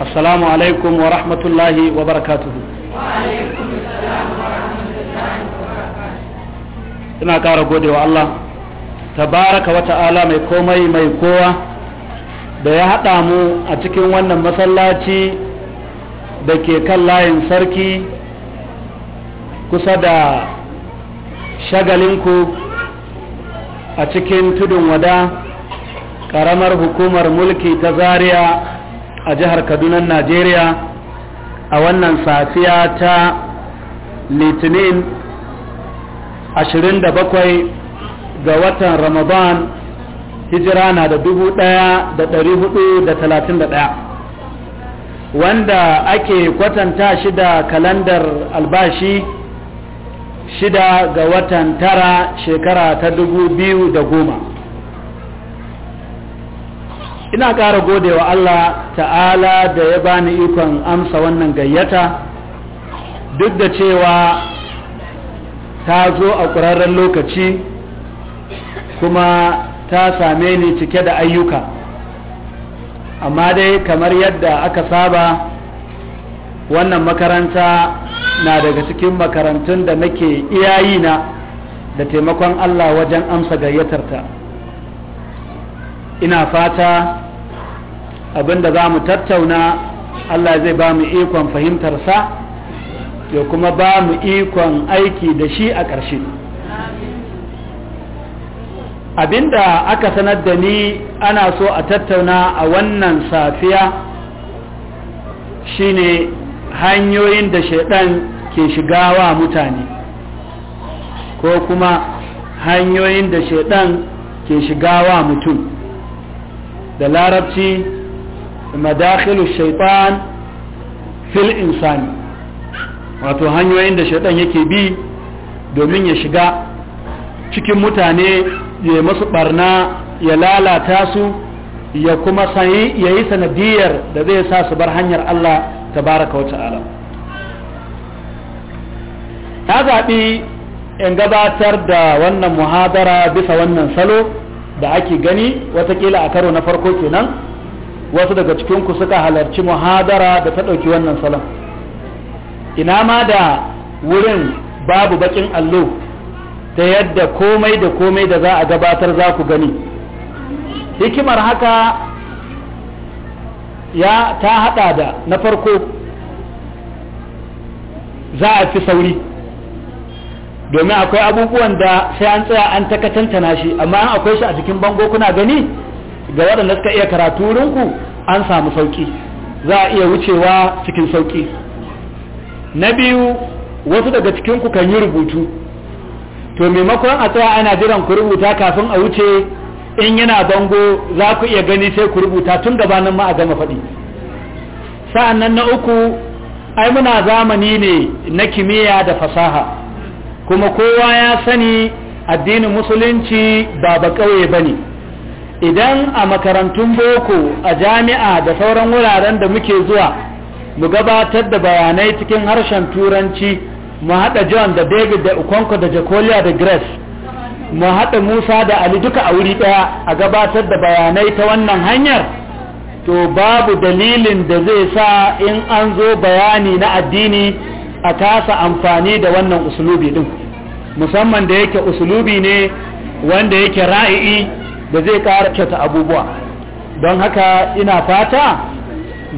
assalamu alaikum wa الله wa ina ƙara godewa Allah tabaraka wa ta'ala mai komai mai kowa da ya haɗa mu a cikin wannan masallaci da ke kan layin sarki kusa da shagalinku a cikin tudun wada ƙaramar hukumar mulki ta zaria a jihar kaduna najeriya a wannan safiya ta litinin 27 ga watan ramadan hijira na da 1431 wanda ake kwatanta shi da kalandar albashi shida ga watan tara shekara ta dubu ina ƙara gode wa Allah ta'ala da ya bani ikon amsa wannan gayyata duk da cewa ta zo a ƙurarren lokaci kuma ta same ni cike da ayyuka amma dai kamar yadda aka saba wannan makaranta na daga cikin makarantun da nake iyayina da taimakon Allah wajen amsa gayyatarta. ta ina fata abinda za mu tattauna Allah zai ba mu ikon fahimtarsa ya kuma ba mu ikon aiki da shi a ƙarshe abinda aka sanar da ni ana so a tattauna a wannan safiya shine hanyoyin da shaidan ke shiga wa mutane ko kuma hanyoyin da shaidan ke shiga wa mutum da larabci madakhilu shaitan fil insani wato hanyoyin da shaitan yake bi domin ya shiga cikin mutane ya masu barna ya lalata su ya kuma ya yi sanadiyar da zai sa su bar hanyar Allah ta baraka wata ta'ala ta zaɓi in gabatar da wannan muhadara bisa wannan salo da ake gani watakila a karo na farko kenan wasu daga cikinku suka halarci muhadara da ta ɗauki wannan salon ina ma da wurin babu bakin allo ta yadda komai da komai da za a gabatar za ku gani hikimar haka ya ta hada da na farko za a fi sauri domin akwai abubuwan da sai an tsaya an taka tantana shi amma an akwai shi a cikin bango kuna gani ga waɗanda suka iya karatu wurinku an samu sauƙi za a iya wucewa cikin sauƙi na biyu wasu daga cikinku kan yi rubutu to maimakon a tsaya ana jiran ku rubuta kafin a wuce in yana bango za ku iya gani sai ku rubuta tun gabanin ma a gama faɗi sa'an nan na uku ai muna zamani ne na kimiyya da fasaha kuma kowa ya sani addinin musulunci ba ba kawai ba ne idan a makarantun boko a jami'a da sauran wuraren da muke zuwa mu gabatar da bayanai cikin harshen turanci mu haɗa john da david da ukonko da jacolia da grace mu haɗa musa da ali duka a wuri ɗaya a gabatar da bayanai ta wannan hanyar to babu dalilin da zai sa in an zo bayani na addini a kasa amfani da wannan usulubi ɗin musamman da yake usulubi ne wanda yake ra'ayi da zai ƙara kyauta abubuwa don haka ina fata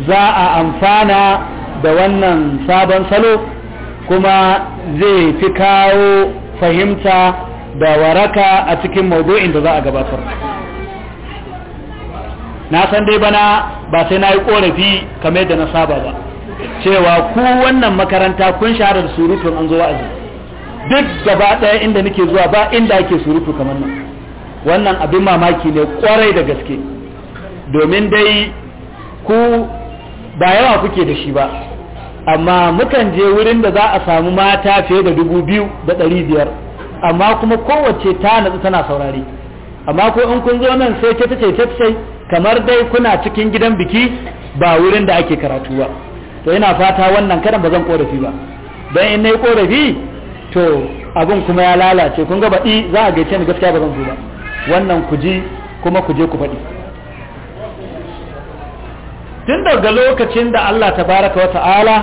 za a amfana da wannan sabon salo kuma zai fi kawo fahimta da waraka a cikin maudu'in da za a gabatar na san dai bana ba sai na yi korafi kamar da na saba ba cewa ku wannan makaranta kun shahara da surutun an zo wa'azi duk gaba ɗaya inda nake zuwa ba inda ake surutu kamar nan wannan abin mamaki ne kwarai da gaske domin dai ku ba yawa kuke da shi ba amma mukan je wurin da za a samu mata fiye da dubu biyu da ɗari biyar amma kuma kowace ta natsu tana saurari amma ko in kun zo nan sai ta tace ta tace kamar dai kuna cikin gidan biki ba wurin da ake karatu ba to ina fata wannan karan ba zan korafi ba dan in nayi korafi to abin kuma ya lalace kun ga baɗi za a gaice ni gaskiya ba zan zo ba wannan ku ji kuma ku je ku faɗi tun daga lokacin da Allah tabaraka wa ta'ala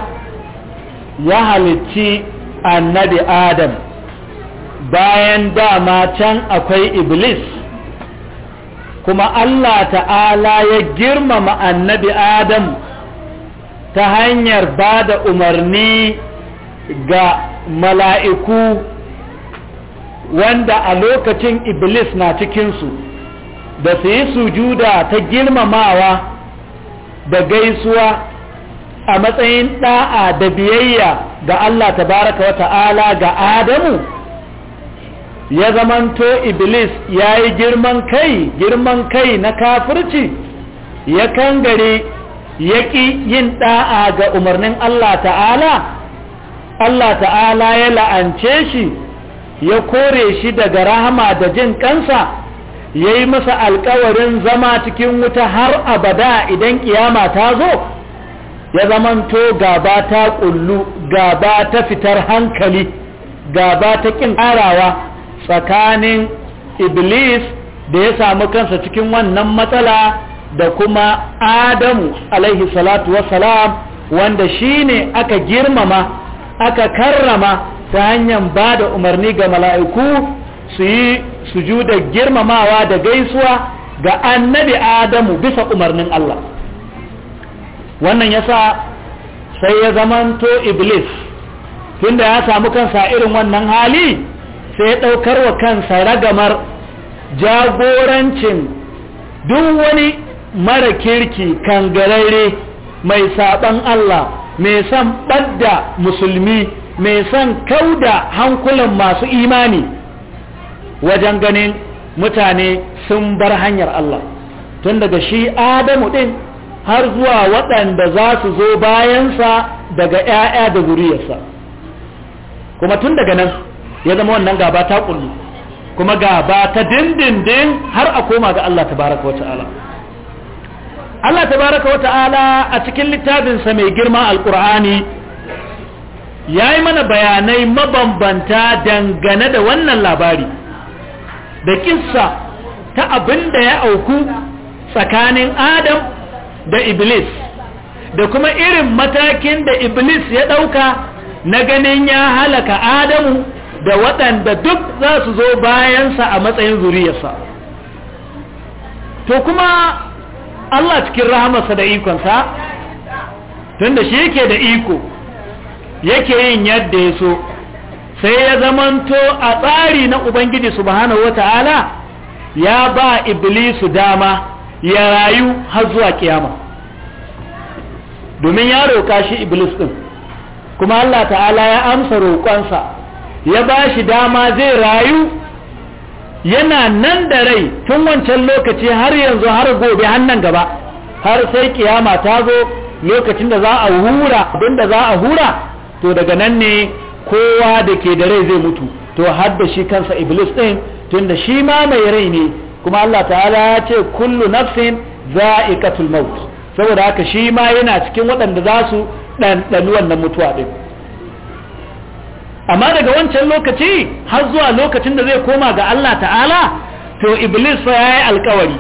ya halicci annabi adam bayan dama can akwai iblis kuma Allah ta'ala ya girmama annabi adam ta hanyar ba da umarni ga mala'iku wanda a lokacin iblis na cikinsu da su yi sujuda ta girmamawa da gaisuwa a matsayin ɗa'a da biyayya ga Allah tabaraka wa ta'ala ga Adamu ya zamanto iblis ya yi girman kai girman kai na kafirci ya kangare ya ƙi yin ɗa'a ga umarnin Allah ta'ala Allah ta'ala ya la'ance shi ya kore shi daga rahama da jin kansa ya yi masa alƙawarin zama cikin wuta har abada idan kiyama ta zo ya zamanto gaba ta kullu gaba ta fitar hankali gaba ta kin karawa tsakanin iblis da ya samu kansa cikin wannan matsala da kuma adamu alaihi salatu wassalam wanda shine aka girmama aka karrama ta hanyar ba da umarni ga mala'iku su yi sujuda girmamawa da gaisuwa ga annabi adamu bisa umarnin Allah wannan ya sa sai ya zamanto iblis tunda ya samu kansa irin wannan hali sai ya ɗaukar wa kansa ragamar jagorancin duk wani mara kirki kangarare mai saɓan Allah mai son ɓadda musulmi mai son da hankulan masu imani wajen ganin mutane sun bar hanyar Allah tun daga shi adamu ɗin har zuwa waɗanda za su zo bayansa daga 'ya'ya da zuriyarsa kuma tun daga nan ya zama wannan gaba ta ƙulli kuma gaba ta dindindin har a koma ga Allah ta baraka wata ala. Allah Ta tabaraka wata'ala a cikin littafinsa mai girma alkur'ani ya yi mana bayanai mabambanta dangane da wannan labari da kissa ta abin da ya auku tsakanin adam da iblis da kuma irin matakin da iblis ya ɗauka na ganin ya halaka adamu da waɗanda duk za su zo bayansa a matsayin zuriyarsa to kuma Allah cikin rahamarsa da ikonsa tunda shi yake da iko yake yin yadda ya so sai ya zamanto a tsari na ubangiji subhanahu wata'ala ya ba iblisu dama ya rayu har zuwa kiyama domin ya roƙa shi iblis ɗin kuma Allah ta'ala ya amsa roƙonsa ya ba shi dama zai rayu yana nan da rai tun wancan lokaci har yanzu har gobe hannan gaba har sai kiyama ta zo lokacin da za a hura abin da za a hura to daga nan ne kowa da ke da rai zai mutu to har da shi kansa iblis din tunda shi ma mai rai ne kuma Allah ta'ala ya ce kullu nafsin za'iqatul maut saboda haka shi ma yana cikin waɗanda za su ɗanɗani wannan mutuwa ɗin amma daga wancan lokaci har zuwa lokacin da zai koma ga Allah ta'ala to iblis fa yayi alkawari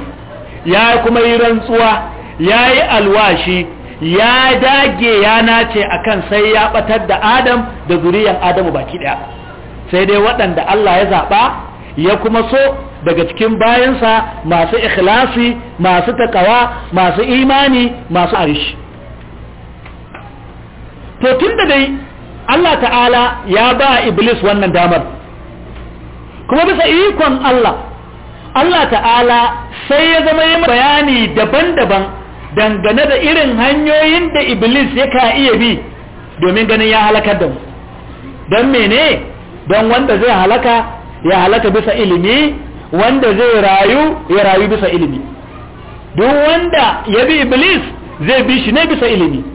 ya kuma yi rantsuwa ya yi alwashi ya dage ya nace akan sai ya batar da Adam da zuriyar Adamu baki daya sai dai waɗanda Allah ya zaɓa ya kuma so daga cikin bayansa masu ikhlasi masu takawa masu imani masu arishi to tun da dai Allah ta'ala ya ba iblis wannan damar kuma bisa ikon Allah Allah ta'ala sai ya zama yi bayani daban-daban dangane da irin hanyoyin da iblis ya ka iya bi domin ganin ya halakar da mu don mene don wanda zai halaka ya halaka bisa ilimi wanda zai rayu ya rayu bisa ilimi duk wanda ya bi iblis zai bi shi ne bisa ilimi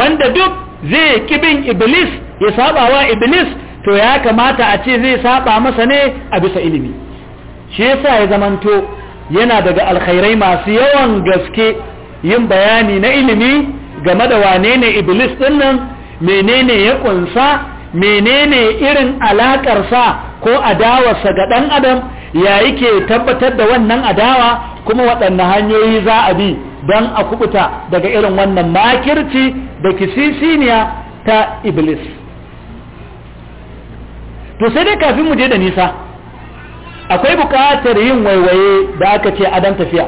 wanda duk zai kibin iblis ya saba wa iblis to ya kamata a ce zai saba masa ne a bisa ilimi shi yasa ya zamanto yana daga alkhairai masu yawan gaske yin bayani na ilimi game da wane ne iblis din nan menene ya kunsa menene irin alakarsa ko adawarsa ga dan adam ya yake tabbatar da wannan adawa kuma waɗanne hanyoyi za a bi don a kubuta daga irin wannan makirci da kisisiniya ta iblis to sai dai kafin mu je da nisa akwai buƙatar yin waiwaye da aka ce adam tafiya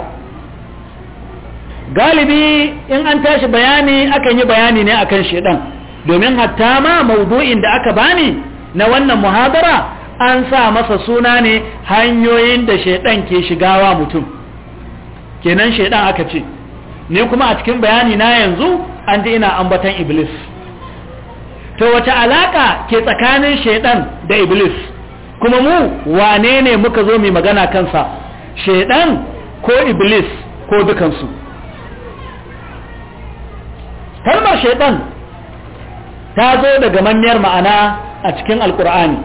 galibi in an tashi bayani akan yi bayani ne akan shedan domin hatta ma maudu'in da aka bani na wannan muhabara an sa masa suna ne hanyoyin da shedan ke shigawa mutum kenan shedan aka ce ne kuma a cikin bayani na yanzu an ji ina ambatan iblis to wace alaka ke tsakanin shaidan da iblis kuma mu wane ne muka zo mai magana kansa shaidan ko iblis ko dukansu kalmar shaidan ta zo daga manniyar ma'ana a cikin alkur'ani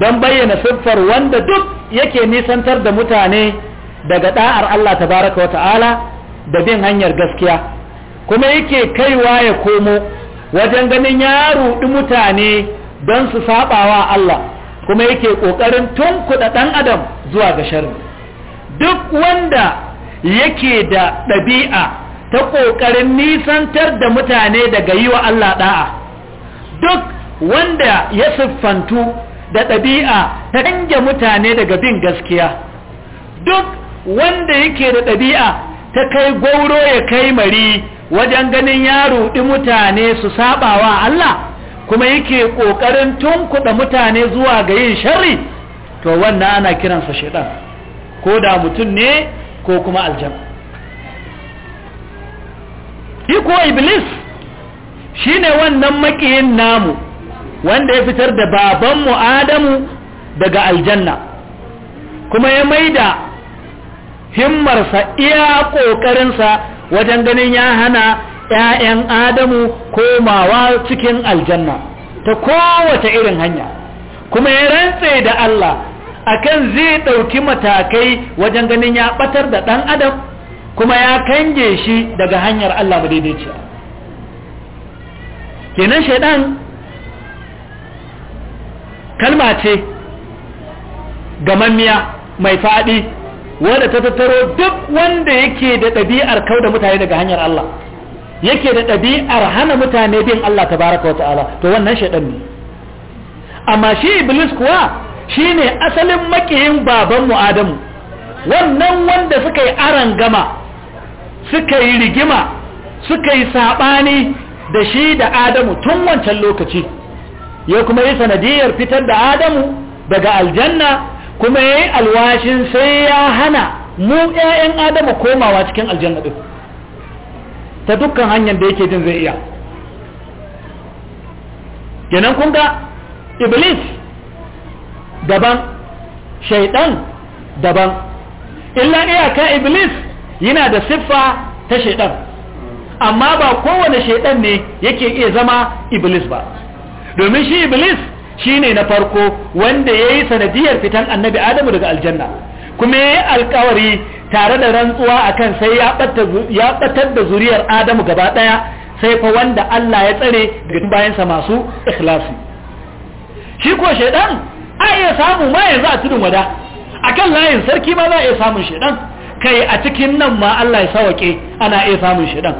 don bayyana siffar wanda duk yake nisantar da mutane daga da'ar Allah baraka wa ta'ala da bin hanyar gaskiya kuma yake kaiwa ya komo wajen ganin ya ruɗi mutane don su saɓawa Allah kuma yake ƙoƙarin tunkuɗa ɗan adam zuwa ga sharri duk wanda yake da ɗabi'a ta ƙoƙarin nisantar da mutane daga yi wa Allah ɗa'a duk wanda ya siffantu da ɗabi'a ta canja mutane daga bin gaskiya duk wanda yake da ɗabi'a ta kai gwauro ya kai mari wajen ganin ya ruɗi mutane su sabawa Allah kuma yake ƙoƙarin tunkuɗa mutane zuwa ga yin sharri to wannan ana kiransa shaɗan ko da mutum ne ko kuma aljan Iko ko iblis ne wannan makiyin namu wanda ya fitar da babanmu adamu daga aljanna kuma ya maida himmarsa iya ƙoƙarinsa wajen ganin ya hana 'ya'yan adamu komawa cikin aljanna ta kowace irin hanya kuma ya rantse da Allah akan zai ɗauki matakai wajen ganin ya ɓatar da ɗan adam kuma ya kange shi daga hanyar Allah madaidaiciya kenan shaidan kalma ce gamammiya mai faɗi wadda ta tattaro duk wanda yake da ɗabi'ar kauda mutane daga hanyar Allah yake da ɗabi'ar hana mutane bin Allah tabaraka wa ta'ala to wannan shaidan ne amma shi iblis kuwa shine asalin makiyin baban mu Adamu wannan wanda suka yi aran gama suka yi rigima suka yi sabani da shi da Adamu tun wancan lokaci ya kuma yi sanadiyar fitar da Adamu daga aljanna kuma ya yi alwashin sai ya hana mu 'ya'yan adama komawa cikin aljanna ɗin ta dukkan hanyar da yake jin zai iya kenan kun ga iblis daban shaidan daban illa iyaka iblis yana da siffa ta shaidan amma ba kowane shaidan ne yake iya zama iblis ba domin shi iblis Shi ne na farko wanda ya yi sanadiyar fitan annabi adamu daga aljanna kuma ya yi alkawari tare da rantsuwa akan sai ya batar da zuriyar adamu gaba daya sai fa wanda Allah ya tsare daga bayansa masu ikhlasi shi ko shaidan a iya samu ma yanzu a tudun wada akan layin sarki ma za a iya samun shaidan kai a cikin nan ma Allah ya sawake ana iya samun shaidan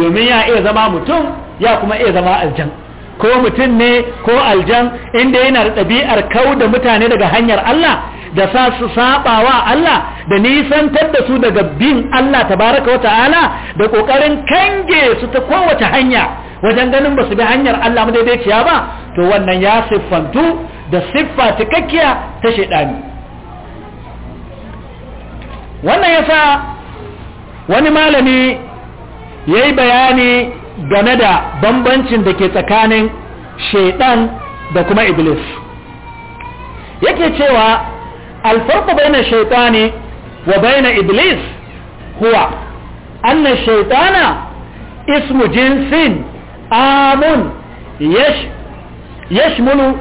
domin ya iya zama mutum ya kuma iya zama aljan ko mutum ne ko aljan inda yana da ɗabi'ar kau da mutane daga hanyar Allah da sa su saba wa Allah da nisantar da su daga bin Allah tabaraka wata'ala da kokarin kange su ta kowace hanya wajen ganin ba su bi hanyar Allah madaidaiciya ba to wannan ya siffantu da siffa cikakkiya ta shaidani wannan yasa wani malami yayi bayani game da bambancin da ke tsakanin shaidan da kuma iblis yake cewa alfarko bai na shaitani wa bai na iblis kuwa annan shaiɗana ismu jinsin amun yashmulu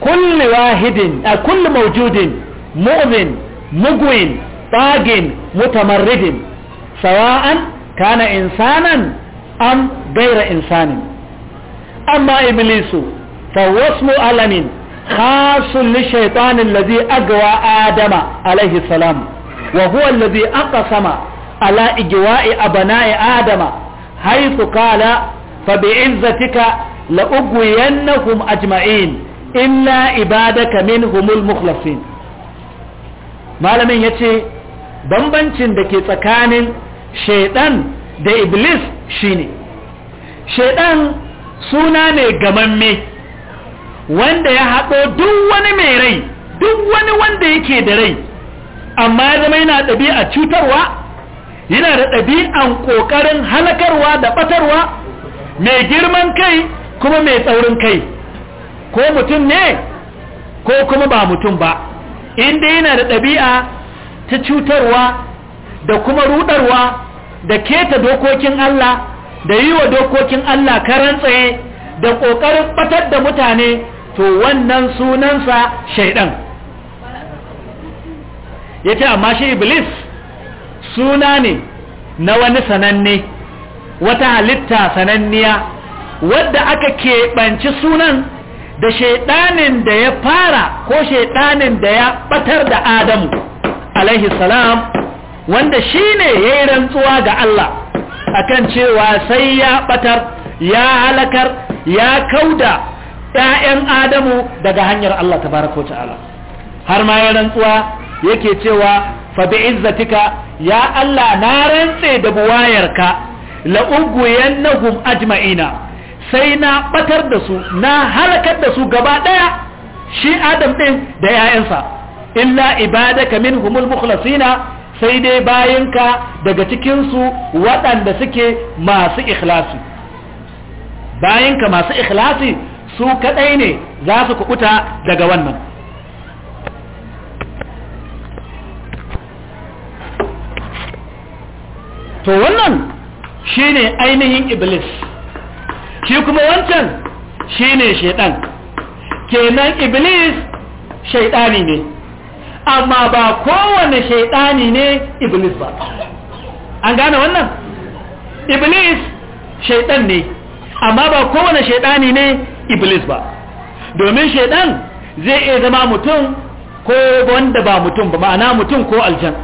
kulli wahidin a kulli maujudin mu'min mugwin bagin mutamarridin sawa'an kana insanan an gaira insani. amma iblisu fawasmu alamin khasun li shaitanin lazi agawa adama alaihi salam wa huwa lazi aqasama ala igwa'i abana'i adama haythu qala fa bi'izzatika la ugwiyannahum ajma'in illa ibadaka minhumul mukhlasin malamin yace bambancin da ke tsakanin shaidan da iblis shine shaidan suna ne gamamme wanda ya haɗo duk wani mai rai duk wani wanda yake da rai amma ya zama yana ɗabi'a cutarwa yana da ɗabi'an ƙoƙarin halakarwa da ɓatarwa mai girman kai kuma mai tsaurin kai ko mutum ne ko kuma ba mutum ba inda yana da ɗabi'a ta cutarwa da kuma rudarwa da keta dokokin Allah da yi wa dokokin Allah karan tsaye da ƙoƙarin ɓatar da mutane to wannan sunansa shaidan ya ce amma shi iblis suna ne na wani sananne wata halitta sananniya wadda aka keɓanci sunan da shaidanin da ya fara ko shaidanin da ya ɓatar da adamu alaihi salam wanda shi ne ya yi rantsuwa ga Allah akan cewa sai ya batar ya halakar ya kauda ƴaƴan adamu daga hanyar Allah tabaraka ta'ala har ma ya rantsuwa yake cewa fa bi ya Allah na rantse da buwayarka la ugwiyannahum ajma'ina sai na batar da su na halakar da su gaba daya shi adam din da ƴaƴansa illa ibadaka minhumul mukhlasina sai dai bayan ka daga cikinsu waɗanda suke masu ikhlasi bayanka masu ikhlasi su kaɗai ne za su kuɓuta daga wannan to wannan shine ainihin iblis shi kuma wancan shine shaidan kenan iblis shaidani ne amma ba kowane shaidani ne iblis ba an gane wannan iblis shaidan ne amma ba kowane shaidani ne iblis ba domin shaiɗan zai iya zama mutum ko wanda ba mutum ba ma'ana mutum ko aljan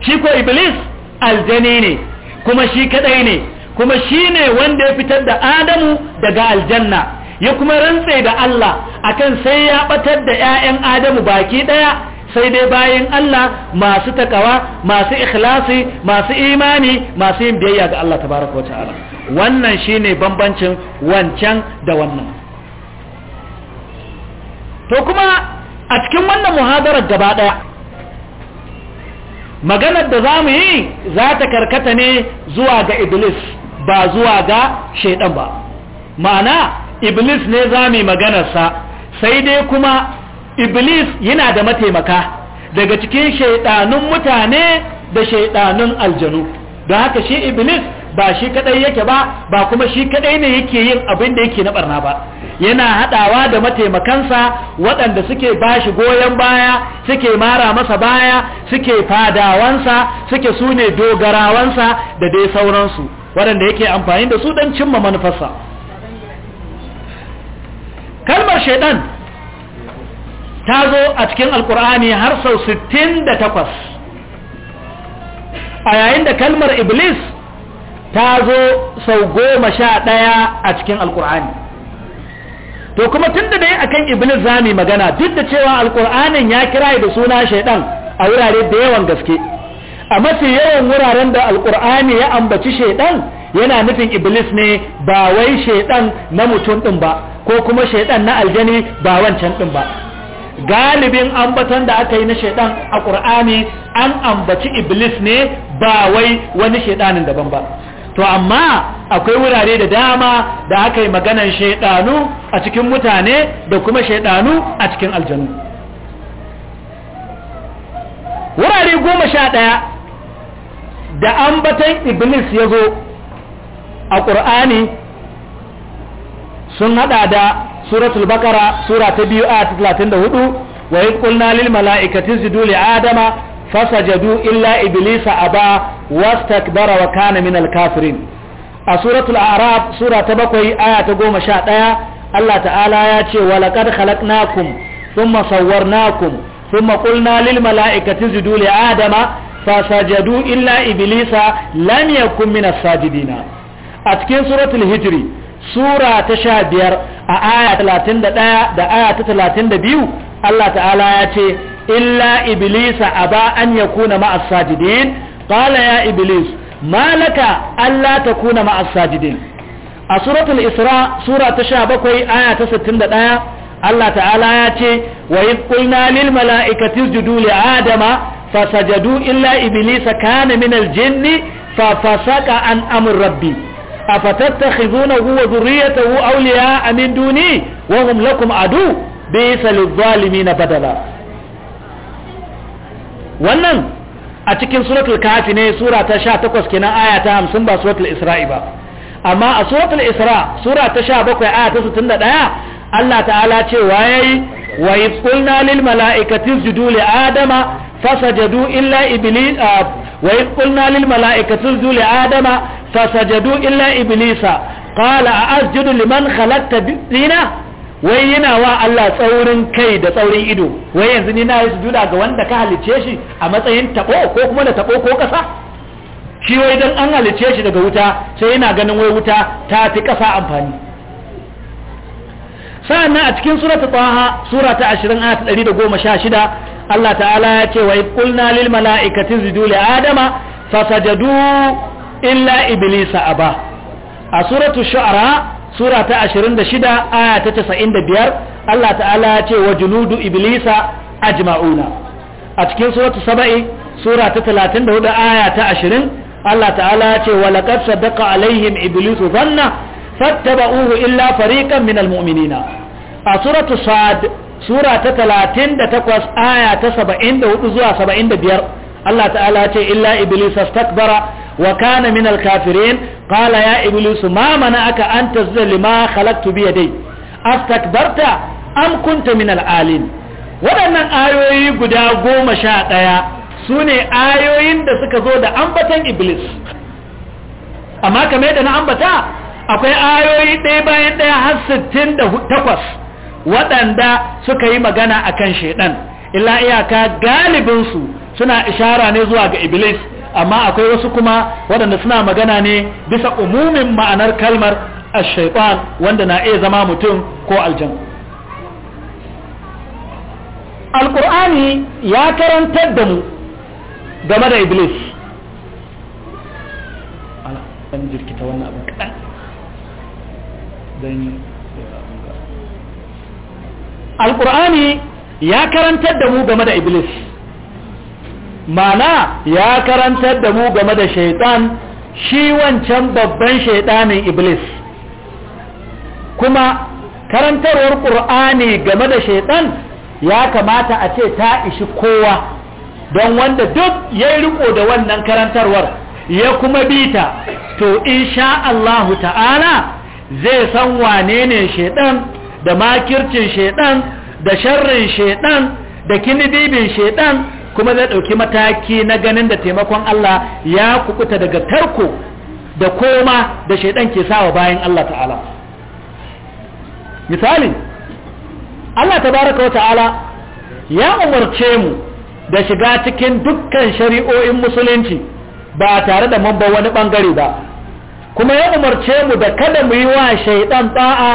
shi ko iblis aljani ne kuma shi kadai ne kuma shi ne wanda ya fitar da adamu daga aljanna ya kuma rantse da Allah akan sai ya batar da 'ya'yan adamu baki ɗaya. sai dai bayan Allah masu takawa masu ikhlasi masu imani masu yin biyayya ga Allah tabaraka Ta'ala wannan shine bambancin wancan da wannan to kuma a cikin wannan muhadarar gaba daya maganar da zamu yi za ta karkata ne zuwa ga iblis ba zuwa ga shaidan ba ma'ana iblis ne zamu yi maganarsa sai dai kuma iblis yana da mataimaka daga cikin shaidanun mutane da shaidanun aljanu don haka shi iblis ba shi kadai yake ba ba kuma shi kadai ne yake yin abin da yake na barna ba yana hadawa da mataimakansa waɗanda suke bashi goyon baya suke mara masa baya suke fadawansa suke sune dogarawansa da dai sauransu waɗanda yake amfani da su don cimma manufarsa kalmar shaidan ta zo a cikin alkur'ani har sau sittin da takwas. a yayin da kalmar iblis ta zo sau goma sha ɗaya a cikin alkur'ani to kuma tun da dai akan iblis zami magana duk da cewa alkur'anin ya kira da suna shaidan a wurare da yawan gaske a mafi yawan wuraren da alkur'ani ya ambaci shaidan yana nufin iblis ne ba wai shaidan na mutum ɗin ba ko kuma shaidan na aljani ba wancan ɗin ba galibin ambaton da aka yi na shaidan a ƙur'ani an ambaci iblis ne ba wai wani shaidanin daban ba to amma akwai wurare da dama da aka yi maganan shaidanu a cikin mutane da kuma shaidanu a cikin aljanu wurare goma sha ɗaya da ambaton iblis ya zo a ƙur'ani sun hada da suratul bakara sura ta biyu aya ta talatin da hudu wa yi kulna lil mala'ikati zidu li adama fasajadu illa iblisa aba wastakbara wa kana min al a suratul a'raf sura ta bakwai aya ta goma sha ɗaya Allah ta'ala ya ce wa laqad khalaqnakum thumma sawwarnakum thumma qulna lil mala'ikati zidu li adama fasajadu illa iblisa lam yakun min as-sajidina a cikin suratul hijri sura ta sha biyar a aya talatin da ɗaya da aya ta talatin da biyu Allah ta'ala ya ce illa iblisa a ba an ya kuna ma'as sajidin ƙala ya iblis malaka Allah ta kuna ma'as sajidin a suratul isra sura ta sha bakwai aya ta sittin da ɗaya Allah ta'ala ya ce wa yi ƙulna lil mala'ikati judu li adama fasajadu illa iblisa kana min aljinni fa fasaka an amur rabbi أفتتخذونه وذريته أولياء من دوني وهم لكم عدو بيس للظالمين بدلا wannan a cikin suratul kafi ne sura ta 18 kenan aya ta hamsin ba suratul isra'i ba amma a suratul isra sura ta bakwai aya ta 61 Allah ta'ala cewa yayi wa iz qulna lil mala'ikati isjudu li adama fasajadu illa iblis wa qulna lil mala'ikati isjudu li adama fasajadu illa iblisa qala a'asjudu liman khalaqta dina wai yana wa Allah tsaurin kai da tsaurin ido wai yanzu ni na yi sujuda ga wanda ka halicce shi a matsayin tabo ko kuma da tabo ko kasa shi wai dan an halicce shi daga wuta sai yana ganin wai wuta ta fi kasa amfani sa'annan a cikin surata taha sura ta 20 ayat 116 Allah ta'ala ya ce wa qulna lil mala'ikati isjudu li adama fasajadu illa iblisa aba a suratu shu'ara sura ta 26 aya ta 95 Allah ta'ala ya ce wa junudu iblisa ajma'una a cikin suratu saba'i sura ta 34 aya ta 20 Allah ta'ala ya ce wa laqad sadaqa alaihim iblisu dhanna fattaba'uhu illa fariqan minal mu'minina a suratu sad sura ta 38 aya ta 74 zuwa 75 Allah ta'ala ya ce illa iblis astakbara wa kana minal kafirin qala ya iblis ma mana'aka an tazza lima khalaqtu bi yadai astakbarta am kunta minal waɗannan ayoyi guda goma sha ɗaya su ne ayoyin da suka zo da ambatan iblis amma kamar da na ambata akwai ayoyi ɗaya bayan ɗaya har sittin da takwas waɗanda suka yi magana a kan shaiɗan illa iyaka galibinsu suna ishara ne zuwa ga iblis amma akwai wasu kuma waɗanda suna magana ne bisa umumin ma'anar kalmar ashaitan wanda na iya zama mutum ko aljan alƙur'ani ya karantar da mu game da iblis don alƙur'ani ya karantar da mu game da iblis mana ya karantar da mu game da shaitan shi wancan babban shaitanin iblis kuma karantarwar ƙur'ani game da shaitan ya kamata a ce ta ishi kowa don wanda duk ya riko da wannan karantarwar ya kuma bita to in sha Allahu ta'ala zai san wane ne shaidan da makircin shaidan da sharrin shaidan da kinibibin shaidan kuma zai ɗauki mataki na ganin da taimakon Allah ya kukuta daga tarko da koma da shaidan ke sawa bayan Allah ta'ala misali Allah tabaraka wa ta'ala ya umarce mu da shiga cikin dukkan shari'o'in musulunci ba tare da mun wani bangare ba kuma ya umarce mu da kada mu yi wa shaidan da'a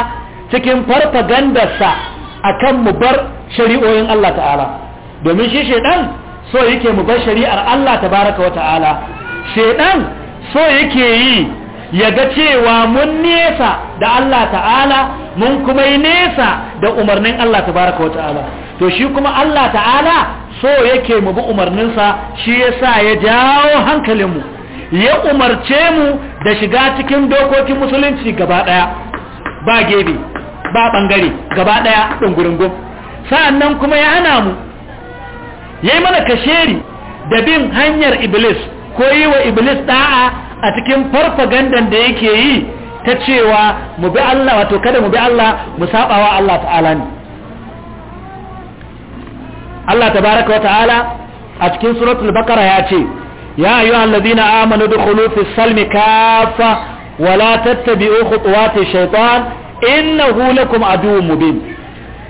cikin farfagandarsa kan mu bar shari'o'in Allah ta'ala domin shi shaidan so yake mu bar shari'ar Allah wa ta'ala shaidan so yake yi ya ga cewa mun nesa da Allah ta'ala mun kuma yi nesa da umarnin Allah wa ta'ala to shi kuma Allah ta'ala so yake mu bi umarninsa shi yasa ya jawo hankalinmu ya umarce mu da shiga cikin dokokin musulunci gaba daya ba gebe ba bangare gaba daya dungurungun sa'annan kuma ya hana mu yi mana kasheri da bin hanyar iblis ko yi wa iblis da'a a cikin farfagandan da yake yi ta cewa mu bi Allah wato kada mu bi Allah mu sabawa Allah ta'ala ne Allah tabaraka wa ta'ala a cikin suratul baqara ya ce ya ayu allazina amanu dukhulu fi salmi kafa wa la tattabi'u khutuwati shaytan innahu lakum aduwwun mubin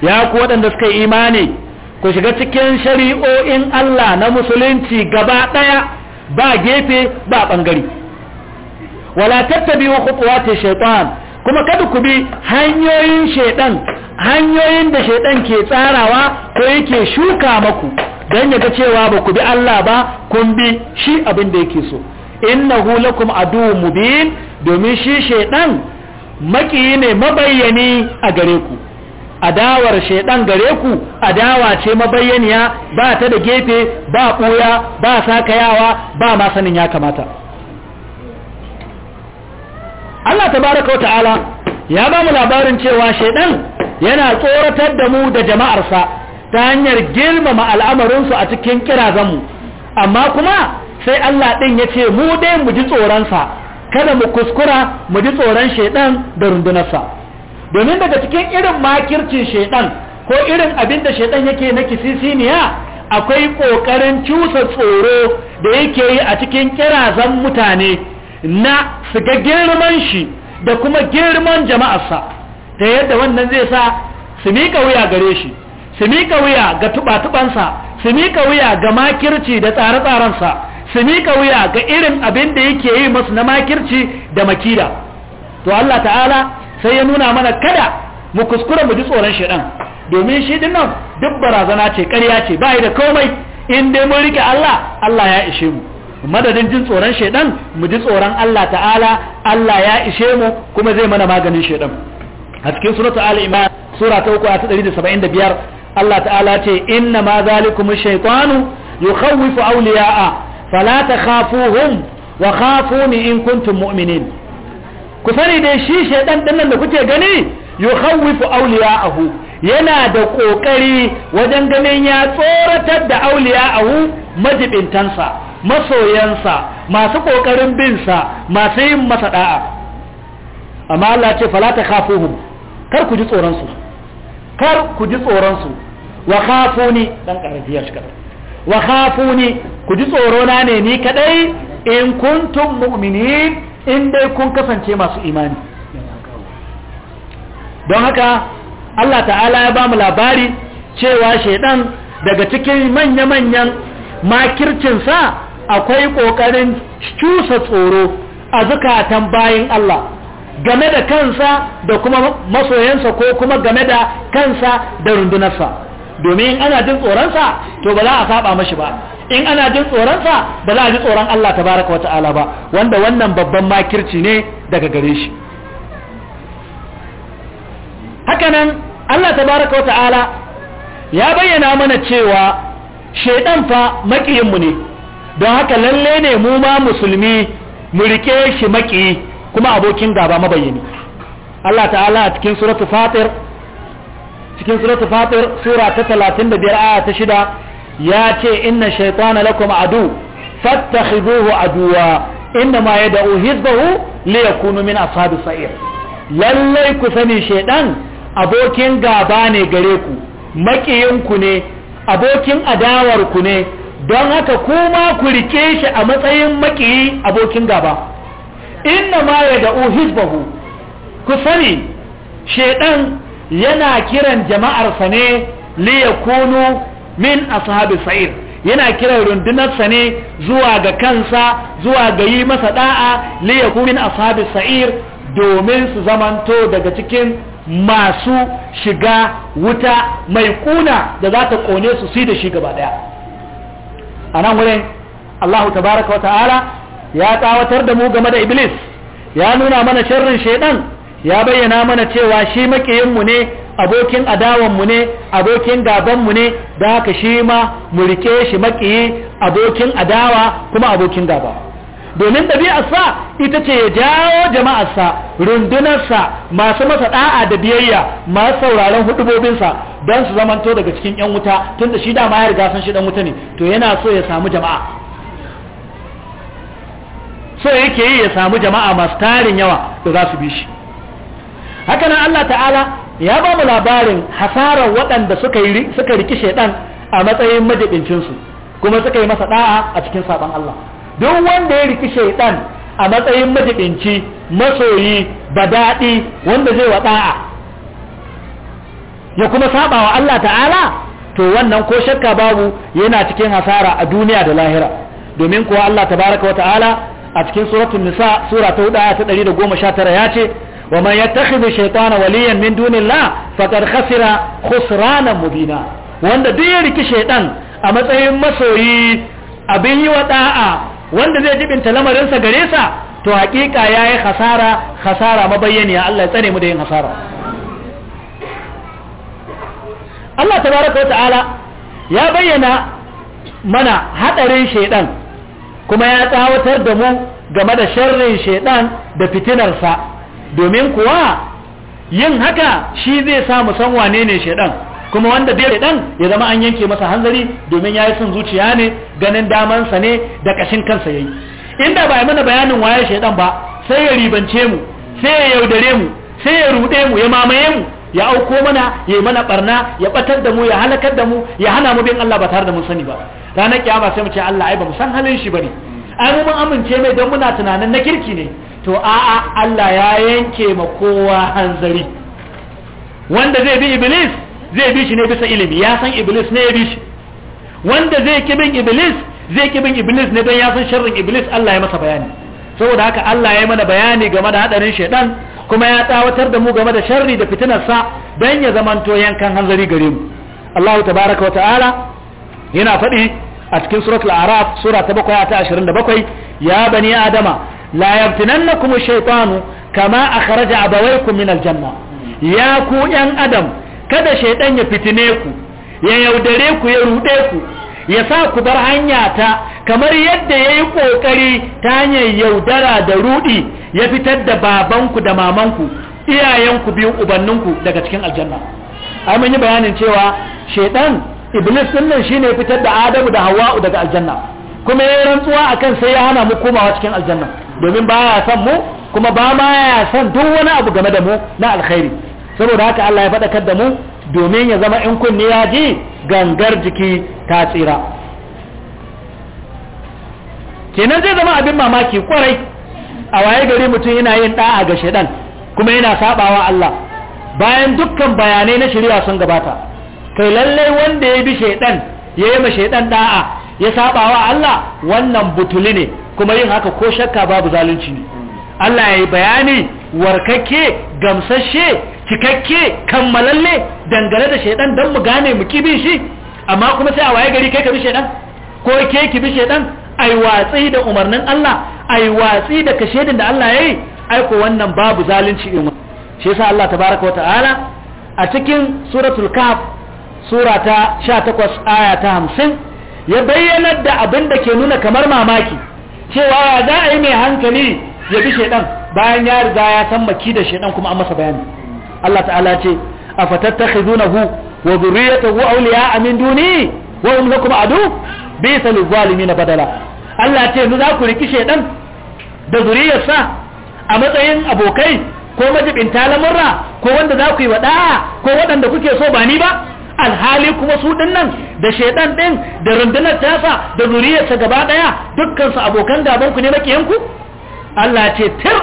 ya ku waɗanda suka yi imani ku shiga cikin shari'o'in Allah na musulunci gaba ɗaya ba gefe ba ɓangare wala tattabi'u khutuwati shaytan kuma kada ku bi hanyoyin shaytan hanyoyin da shaiɗan ke tsarawa ko yake shuka maku dan ga cewa ba ku bi Allah ba kun bi shi abin da yake so Inna innahu lakum mu mubin domin shi shaydan makiyi ne mabayyani a gare ku adawar shaidan gare ku adawa ce mabayyaniya ba ta da gefe ba ɓuya ba sakayawa ba ma sanin ya kamata Allah tabaraka wata'ala ya ba mu labarin cewa shaidan yana tsoratar da mu da jama'arsa ta hanyar girmama al'amarinsu a cikin mu amma kuma sai Allah ɗin ya ce mu dai mu ji tsoronsa kada mu kuskura mu ji tsoron shaidan da rundunarsa domin daga cikin irin makircin shaidan ko irin abin da shaidan yake na kisisiniya akwai ƙoƙarin cusa tsoro da yake yi a cikin kirazan mutane na su ga girman shi da kuma girman jama'arsa ta yadda wannan zai sa su miƙa wuya gare shi su mika wuya ga tuɓa-tuɓansa su mika wuya ga makirci da tsare-tsarensa su mika wuya ga irin abin da yake yi masu na makirci da makida to Allah ta'ala sai ya nuna mana kada mu kuskura mu ji tsoron shaiɗan domin shi din nan duk barazana ce ƙarya ce ba da komai in dai mun rike Allah Allah ya ishe mu madadin jin tsoron shaidan mu ji tsoron Allah ta'ala Allah ya ishe mu kuma zai mana maganin shaidan a cikin suratul al-imran sura ta 3 175 Allah ta'ala ce inna ma zalikum shaytanu yukhawwifu awliya'a fala takhafuhum wa khafuni in kuntum mu'minin ku sani dai shi shaydan dinnan da kuke gani yukhawwifu awliya'ahu yana da kokari wajen ganin ya tsoratar da awliya'ahu majibintansa masoyansa masu kokarin bin sa masu yin masa da'a amma Allah ce fala takhafuhum kar ku ji tsoron su kar ku ji su wa khafuni dan karabiya shi kadai wa khafuni ku ji tsoro na ne ni kadai in kuntum mu'minin in dai kun kasance masu imani don haka Allah ta'ala ya ba mu labari cewa shaidan daga cikin manya-manyan makircinsa akwai ƙoƙarin cusa tsoro a zukatan bayin Allah game da kansa da kuma masoyansa ko kuma game da kansa da rundunarsa domin in ana jin tsoronsa to ba za a saba mashi ba in ana jin tsoronsa ba za a ji tsoron Allah tabaraka wata'ala ba wanda wannan babban makirci ne daga gare shi hakanan Allah tabaraka wata'ala ya bayyana mana cewa shaidan fa makiyinmu ne don haka lalle ne mu ma musulmi mu rike shi makiyi kuma abokin gaba mabayyani Allah ta'ala a cikin suratul fatir cikin suratul fatir sura ta 35 aya ta 6 ya ce inna shaytana lakum adu fattakhiduhu aduwa inna ma yad'u hizbahu liyakunu min ashabi sa'ir lallai ku sani shaydan abokin gaba ne gare ku makiyin ku ne abokin adawar ku ne don haka kuma ku rike shi a matsayin makiyi abokin gaba inna ma ya da'u hizbahu ku sani shaidan yana kiran jama'arsa ne li yakunu min ashabi sa'ir yana kiran rundunarsa ne zuwa ga kansa zuwa ga yi masa da'a li yakunu min ashabi sa'ir domin su zamanto daga cikin masu shiga wuta mai kuna da za ta kone su si da shi gaba daya a nan wurin allahu tabaraka wa ta'ala ya tsawatar da mu game da iblis ya nuna mana sharrin shaidan ya bayyana mana cewa shi makiyinmu ne abokin adawanmu ne abokin gabanmu ne da haka shi ma mu rike shi makiyi abokin adawa kuma abokin gaba domin ɗabi'arsa ita ce ya jawo jama'arsa rundunarsa masu masa ɗa'a da biyayya masu sauraron hudubobinsa don su zamanto daga cikin 'yan wuta tun da shi dama ya riga san shi ɗan wuta ne to yana so ya samu jama'a so yake yi ya samu jama'a masu tarin yawa da za su bi shi haka nan Allah ta'ala ya ba mu labarin hasarar waɗanda suka suka riki shaidan a matsayin majibincin su kuma suka yi masa da'a a cikin saban Allah duk wanda ya riki shaidan a matsayin majibinci masoyi badadi wanda zai wa da'a ya kuma saba wa Allah ta'ala to wannan ko shakka babu yana cikin hasara a duniya da lahira domin kuwa Allah tabaraka wa ta'ala a cikin suratul nisa sura ta 4 aya ta 119 ya ce wa man yattakhidhu shaytana waliyan min dunillah faqad khasira khusranan mubina wanda duk ya riki shaytan a matsayin masoyi abin yi wa da'a wanda zai jibinta lamarinsa gare sa to hakika yayi khasara khasara mabayyaniya Allah ya tsare mu da yin khasara Allah tabaraka wa ta'ala ya bayyana mana hadarin shaytan kuma ya tsawatar da mu game da sharrin shaidan da fitinarsa domin kuwa yin haka shi zai sa mu san wane ne shaidan kuma wanda bai shaidan ya zama an yanke masa hanzari domin ya yi son zuciya ne ganin damansa ne da kashin kansa yayi inda ba mana bayanin waye shaidan ba sai ya ribance mu sai ya yaudare mu sai ya rude mu ya mamaye mu ya auko mana ya yi mana barna ya batar da mu ya halakar da mu ya hana mu bin Allah ba tare da mun sani ba ranar kiyama sai mu ce Allah ai ba mu san halin shi ba ne. ai mu mun amince mai don muna tunanin na kirki ne to a'a Allah ya yanke ma kowa hanzari wanda zai bi iblis zai bi shi ne bisa ilimi ya san iblis ne ya bi shi wanda zai kibin iblis zai kibin iblis ne don ya san sharrin iblis Allah ya masa bayani saboda haka Allah ya yi mana bayani game da hadarin shaidan kuma ya tsawatar da mu game da sharri da fitinarsa don ya zamanto yankan hanzari gare mu Allah tabaraka wa ta'ala yana faɗi a cikin suratul araf sura ta bakwai ta ashirin da bakwai ya bani adama la kuma shaytanu kama a akhraja abawaykum min aljanna ya ku yan adam kada shaytan ya fitine ku ya yaudare ku ya ruɗe ku ya sa ku bar hanya ta kamar yadda ya yi ƙoƙari ta hanyar yaudara da ruɗi ya fitar da babanku da mamanku iyayenku biyu ubanninku daga cikin aljanna ai mun yi bayanin cewa shedan iblis din nan shine fitar da adamu da hawa'u daga aljanna kuma ya rantsuwa akan sai ya hana mu komawa cikin aljanna domin ba ya son mu kuma ba ma ya son duk wani abu game da mu na alkhairi saboda haka Allah ya faɗakar da mu domin ya zama in kunni ya ji gangar jiki ta tsira kenan zai zama abin mamaki kwarai a waye gari mutum yana yin da'a ga shaidan kuma yana sabawa Allah bayan dukkan bayanai na shari'a sun gabata kai lalle wanda ya bi shaidan ya yi ma shaidan da'a ya sabawa Allah wannan butuli ne kuma yin haka ko shakka babu zalunci ne Allah ya yi bayani warkakke gamsashe cikakke kammalalle dangane da shaidan don mu gane mu kibin shi amma kuma sai a waye gari kai ka bi shaidan ko kai ki bi shaidan ai watsi da umarnin Allah ai watsi da kashedin da Allah ya yi aiko wannan babu zalunci in shi yasa Allah tabaraka wa ta'ala a cikin suratul kahf sura ta 18 aya ta 50 ya bayyanar da abin da ke nuna kamar mamaki cewa za a yi mai hankali ya bi shedan bayan ya riga ya san maki da shedan kuma an masa bayani Allah ta'ala ce afatattakhidunahu wa dhurriyyatahu awliya'a min duni wa hum lakum adu bisa na badala Allah ce yanzu za ku riki shaidan da zuriyarsa a matsayin abokai ko majibinta talamurra ko wanda za ku yi wada ko waɗanda kuke so ba ni ba alhali kuma su nan da shaidan din da rundunar tasa da zuriyarsa gaba daya dukkansu abokan gaban ku ne makiyanku Allah ce tir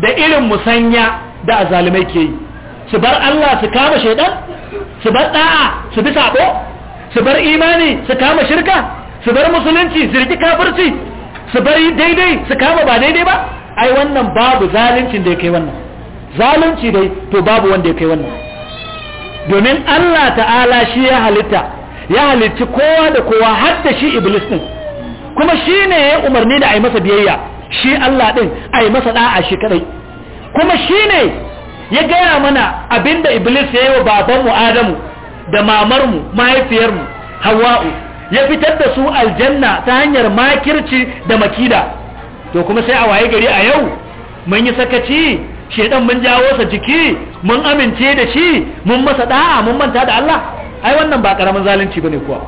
da irin musanya da azalimai ke yi su bar Allah su kama shaidan su bar da'a su bi sabo su bar imani su kama shirka su bar musulunci su riki kafirci su bari daidai su kama ba daidai ba ai wannan babu zalunci da ya kai wannan zalunci dai to babu wanda ya wannan domin Allah ta'ala shi ya halitta ya halicci kowa da kowa har da shi iblis din kuma shi ne ya umarni da a masa biyayya shi Allah din a masa da'a shi kadai kuma shi ne ya gaya mana abinda iblis ya yi wa babanmu adamu da mamarmu mahaifiyarmu hawa'u ya fitar da su aljanna ta hanyar makirci da makida to kuma sai a waye gari a yau mun yi sakaci shedan mun jawo sa jiki mun amince da shi mun masa da'a mun manta da Allah ai wannan ba karamin zalunci bane kuwa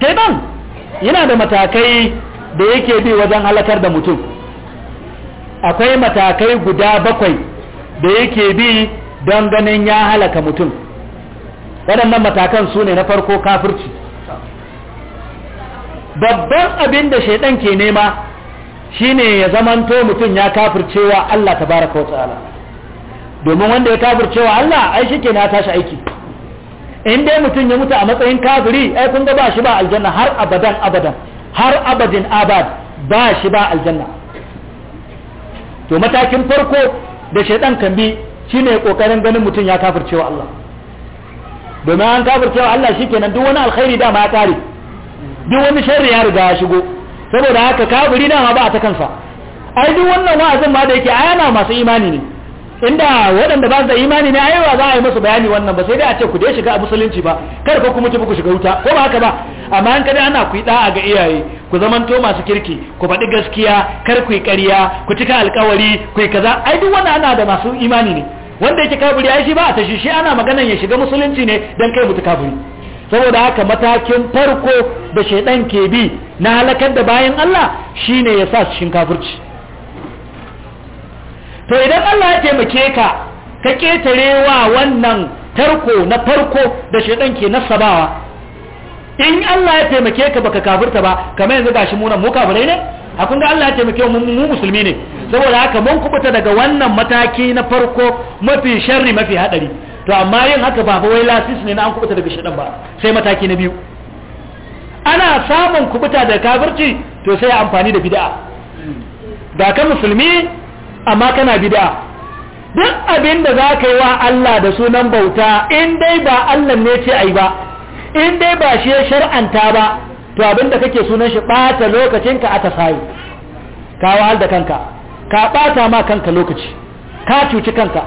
kenan yana da matakai da yake bi wajen halakar da mutum akwai matakai guda bakwai da yake bi don ganin ya halaka mutum waɗannan matakan su ne na farko kafirci babban abin da shaidan ke nema shine ya zamanto mutum ya kafircewa Allah ta tabaraka wata'ala domin wanda ya kafircewa Allah ai ke na tashi aiki in dai mutum ya mutu a matsayin kafiri ai kun ga ba shi ba aljanna har abadan abadan har abadin abad ba shi ba aljanna to matakin farko da shaidan kan bi shine kokarin ganin mutum ya kafircewa Allah domin an kafirce cewa Allah shi kenan duk wani alkhairi da ma tare duk wani sharri ya riga ya shigo saboda haka kafiri da ma ba a ta kansa ai duk wannan wa'azin ma da yake ayana masu imani ne inda waɗanda ba su da imani ne ayewa za a yi masu bayani wannan ba sai dai a ce ku dai shiga a musulunci ba kar ku mutu ku shiga wuta ko ba haka ba amma an kada ana ku yi da'a ga iyaye ku zamanto masu kirki ku faɗi gaskiya kar ku yi ƙarya ku cika alƙawari ku yi kaza ai duk wannan ana da masu imani ne wanda yake kafiri ai shi ba a tashi shi ana maganan ya shiga musulunci ne dan kai mutu kafiri saboda haka matakin farko da shaidan ke bi na halakar da bayan Allah shine ya sa shi kafirci to idan Allah ya taimake ka ka ketare wannan tarko na farko da shaidan ke nasabawa in Allah ya taimake ka baka kafirta ba kamar yanzu gashi mu nan mu kafirai ne akun da Allah ya taimake mu mu musulmi ne saboda haka mun kubuta daga wannan mataki na farko mafi sharri mafi hadari to amma yin haka ba wai lasis ne na an kubuta daga shaɗan ba sai mataki na biyu ana samun kubuta da kafirci to sai amfani da bid'a ga ka musulmi amma kana bid'a duk abin da za ka yi wa Allah da sunan bauta in dai ba Allah ne ce ai ba in dai ba shi ya shar'anta ba to abin da kake sunan shi ɓata lokacinka a tasayi kawo hal da kanka ka ɓata ma kanka lokaci ka cuci kanka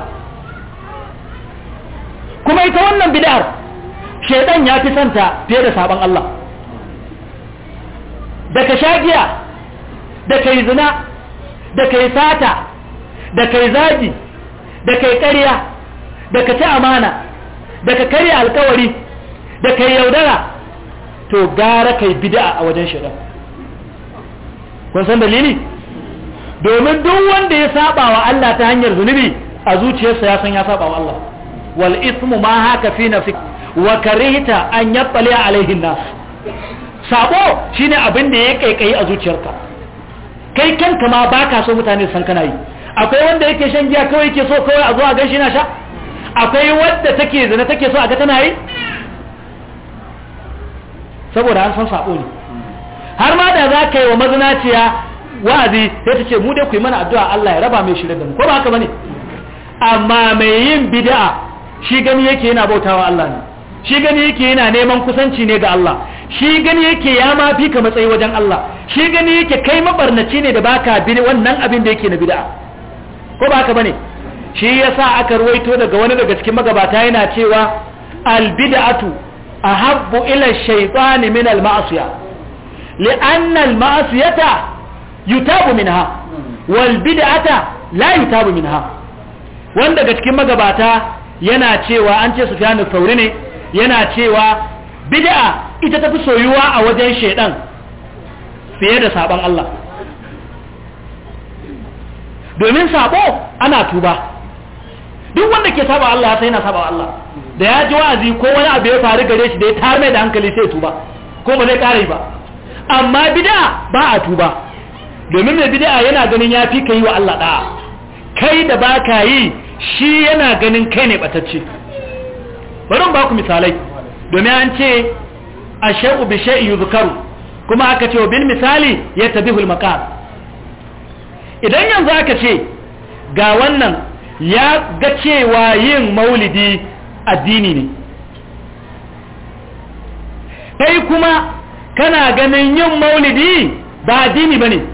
kuma ita wannan bid'ar shaidan ya fi santa fiye da sabon Allah da ka shagiya da kai zina da kai sata da kai zagi da kai ƙarya da ka ci amana da ka karya alkawari da kai yaudara to gara kai bid'a a wajen shaidan kun san dalili domin duk wanda ya saba wa Allah ta hanyar zunubi a zuciyarsa ya san ya saba wa Allah wal ithmu ma haka fi nafsi wa karihta an yabbali alaihin nas sabo shine abin da ya kaikai a zuciyarka kai kanka ma baka so mutane san kana yi akwai wanda yake shan giya kawai yake so kawai a zo a ganshi na sha akwai wanda take zina take so a ga tana yi saboda an san sabo ne har ma da za ka yi wa mazinaciya wa'azi sai ta ce mu dai ku yi mana addu'a Allah ya raba mai shirya da mu ko ba haka bane amma mai yin bid'a shi gani yake yana bautawa Allah ne shi gani yake yana neman kusanci ne ga Allah shi gani yake ya ma fi ka matsayi wajen Allah shi gani yake kai mabarnaci ne da baka bin wannan abin da yake na bid'a ko ba haka bane shi yasa aka ruwaito daga wani daga cikin magabata yana cewa al bid'atu ahabbu ila shaytan min al ma'siyah li'anna al yutabu minha wal bid'ata la yutabu minha wanda daga cikin magabata yana cewa an ce Sufyanu Thauri ne yana cewa bid'a ita tafi soyuwa a wajen shedan fiye da sabon Allah domin sabo ana tuba duk wanda ke saba Allah sai yana saba Allah da ya ji wa'azi ko wani abu ya faru gare shi da ya tarme da hankali sai tuba ko ba zai kare ba amma bid'a ba a tuba domin mai bid'a yana ganin ya fi ka yi wa Allah ɗaya, kai da ba ka yi shi yana ganin kai ne batacce bari ba ku misalai domin an ce a sha'u bi sha'in yuzkaru kuma aka ce bin misali ya tabi maqam idan yanzu aka ce ga wannan ya ga cewa yin maulidi addini ne kai kuma kana ganin yin maulidi ba addini ba ne.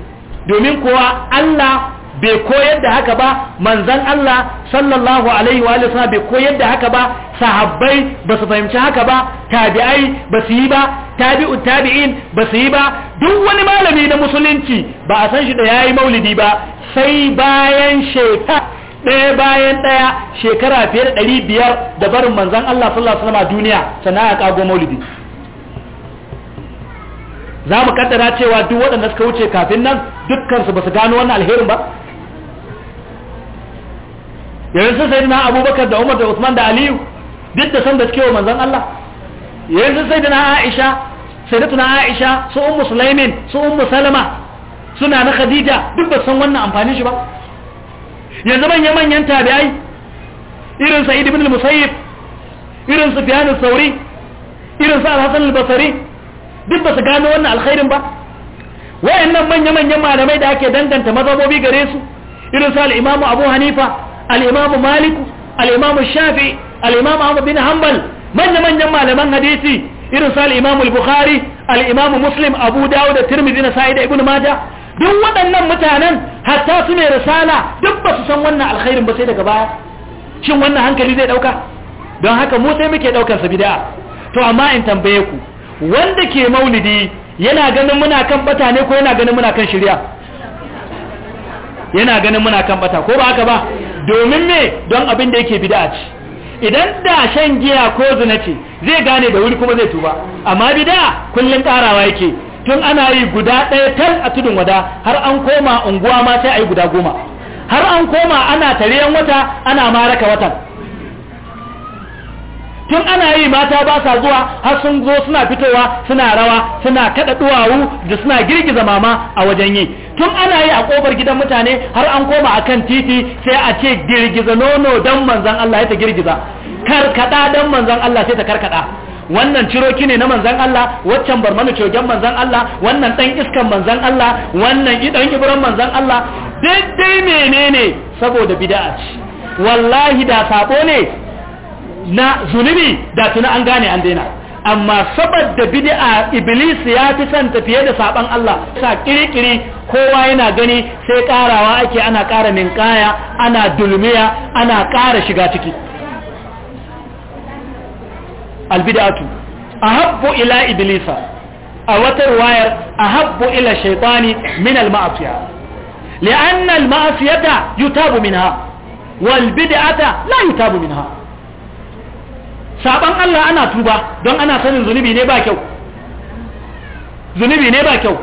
domin kuwa Allah bai koyar da haka ba manzan Allah sallallahu alaihi wa sallam bai koyar da haka ba sahabbai ba su fahimci haka ba tabi'ai ba su yi ba tabi'u tabi'in ba su yi ba duk wani malami na musulunci ba a san shi da yayi maulidi ba sai bayan shekara ɗaya bayan ɗaya shekara fiye da ɗari biyar da barin manzan Allah sallallahu alaihi wa a duniya sannan a kago maulidi za mu kaddara cewa duk waɗanda suka wuce kafin nan dukkansu ba su gano wannan alherin ba yanzu sai na abubakar da umar da usman da aliyu duk da san da suke wa manzan allah yanzu sai na aisha sai da tuna aisha su ummu sulaimin su ummu salama suna na khadija duk ba san wannan amfanin shi ba yanzu manyan manyan tabi'ai irin sa'id ibn al-musayyib irin sufyan al-thawri irin sa hasan al-basri duk ba su gano wannan alkhairin ba wayannan manya-manyan malamai da ake danganta mazhabobi gare su irin su al-Imam Abu Hanifa al-Imam Malik al-Imam Shafi al-Imam Ahmad bin Hanbal manya-manyan malaman hadisi irin su al-Imam Bukhari al-Imam Muslim Abu Dawud da Tirmidhi da Sa'id ibn Majah duk waɗannan mutanen hatta su ne risala duk ba su san wannan alkhairin ba sai daga baya shin wannan hankali zai dauka don haka mu sai muke daukar sa bid'a to amma in tambaye ku wanda ke maulidi yana ganin muna kan bata ne ko yana ganin muna kan shirya yana ganin muna kan bata ko ba haka ba domin me don abin da yake bid'a ce idan da shan giya ko zina ce zai gane da wuri kuma zai tuba amma bid'a kullun karawa yake tun ana yi guda ɗaya tal a tudun wada har an koma unguwa ma sai a guda goma har an koma ana yan wata ana maraka watan tun ana yi mata ba sa zuwa har sun zo suna fitowa suna rawa suna kada duwawu da suna girgiza mama a wajen yi tun ana yi a kofar gidan mutane har an koma akan titi sai a ce girgiza nono dan manzon Allah ya ta girgiza karkada dan manzon Allah sai ta karkada wannan ciroki ne na manzon Allah waccan barmanu cogen manzon Allah wannan dan iskan manzon Allah wannan idan ibran manzon Allah daidai menene saboda bid'a ce wallahi da sako ne na zunubi da tuna an gane an daina amma saboda bid'a iblis ya fi son tafiye da saban Allah sa kirikiri kowa yana gani sai karawa ake ana kara ninkaya ana dulmiya ana kara shiga ciki albid'atu ahabbu ila iblisa a wata ruwayar ahabbu ila shaytani min al-ma'asiya li'anna al-ma'asiyata yutabu minha wal bid'ata la yutabu minha saban Allah ana tuba don ana sanin zunubi ne ba kyau zunubi ne ba kyau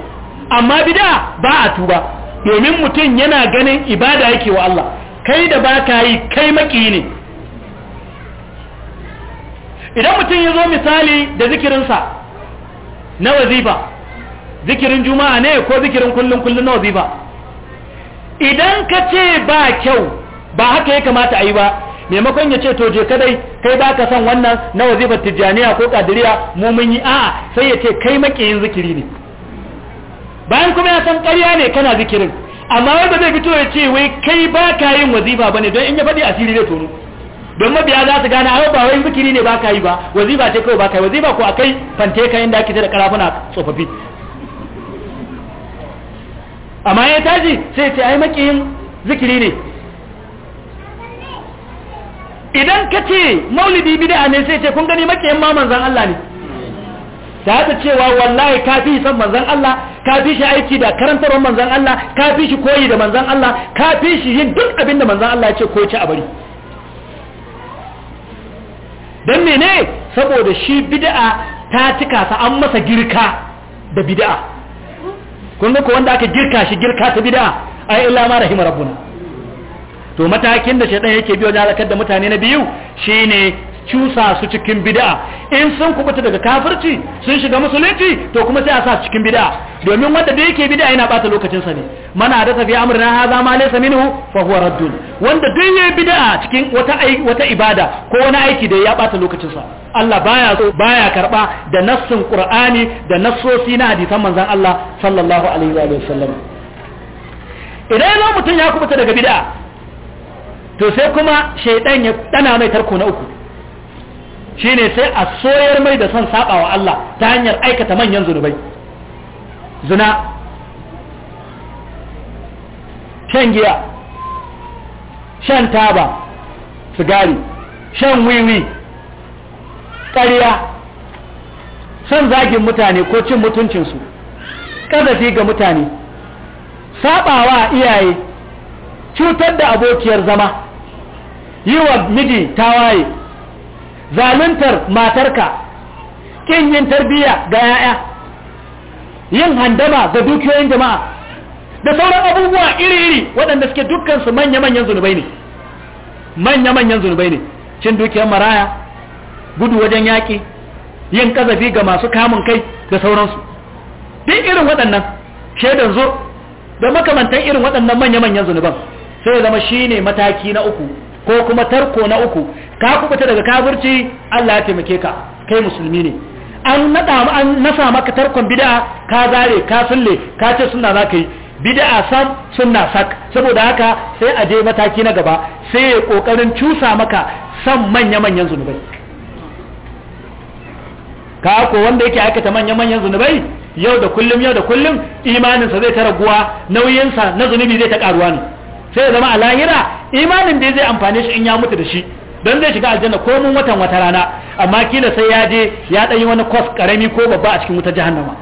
amma bid'a ba a tuba domin mutum yana ganin ibada yake wa Allah kai da ba ka yi kai maki ne idan mutum ya zo misali da zikirinsa na wazifa zikirin juma'a ne ko zikirin kullum kullum na wazifa idan ka ce ba kyau ba haka ya kamata a yi ba maimakon ya ce to je kadai kai ba ka son wannan na wazifar tijjaniya ko kadiriya mu mun yi a'a sai ya ce kai makiyin zikiri ne bayan kuma ya san ƙarya ne kana zikirin amma wanda zai fito ya ce wai kai ba ka yin wazifa bane don in ya faɗi asiri zai tono don mabiya za su gane a ba wai zikiri ne ba ka yi ba wazifa ce kawai ka yi wazifa ko akai fante kayan da ake da karafuna tsofaffi amma ya taji sai ce ai makiyin zikiri ne idan ka ce maulidi bid'a ne sai ce kun gani makiyan ma manzan Allah ne ta ta cewa wallahi ka fi san manzan Allah ka fi shi aiki da karantarwar manzan Allah ka fi shi koyi da manzan Allah ka fi shi yin duk abin da manzan Allah ya ce a bari dan mene saboda shi bida'a ta cika sa an masa girka da bid'a kun ga ko wanda aka girka shi girka ta bid'a ai illa ma rahimar rabbuna to matakin da shaidan yake biyo halakar da mutane na biyu shine cusa su cikin bid'a in sun kubuta daga kafirci sun shiga musulunci to kuma sai a sa cikin bid'a domin wanda da yake bid'a yana bata lokacin sa ne mana da tafi amrina hadha ma laysa minhu fa huwa raddun wanda duk yayi bid'a cikin wata wata ibada ko wani aiki da ya bata lokacin sa Allah baya so baya karba da nassin Qur'ani da nassosi na hadisan manzon Allah sallallahu alaihi wa sallam idan mutum ya kubuta daga bid'a to sai kuma shaidan ya dana mai tarko na uku shine sai a soyar mai da son saba wa Allah ta hanyar aikata manyan zunubai zina shan giya shan taba sigari shan wiwi ƙarya son zagin mutane ko cin mutuncinsu ƙazafi ga mutane saɓawa iyaye cutar da abokiyar zama yi wa miji tawaye zaluntar matarka kin yin tarbiyya ga yaya yin handama ga dukiyoyin jama'a da sauran abubuwa iri-iri waɗanda suke dukkansu manya-manyan zunubai ne manya-manyan zunubai ne cin dukiyar maraya gudu wajen yaƙi yin ƙazafi ga masu kamun kai da sauransu duk irin waɗannan shaidan zo da makamantan irin waɗannan manya-manyan zunuban sai zama shine mataki na uku ko kuma tarko na uku ka kubuta daga kafirci Allah ya taimake ka kai musulmi ne an nada an nasa maka tarkon bid'a ka zare ka sulle ka ce sunna zaka yi bid'a san sunna sak saboda haka sai a je mataki na gaba sai ya kokarin cusa maka san manya manyan zunubai ka ko wanda yake aikata manya manyan zunubai yau da kullum yau da kullum imaninsa zai ta raguwa nauyinsa na zunubi zai ta karuwa ne sai ya zama a lahira imanin da zai amfane shi in ya mutu da shi don zai shiga aljanna ko mun watan wata rana amma kila sai ya je ya ɗanyi wani kwas karami ko babba a cikin wuta jahannama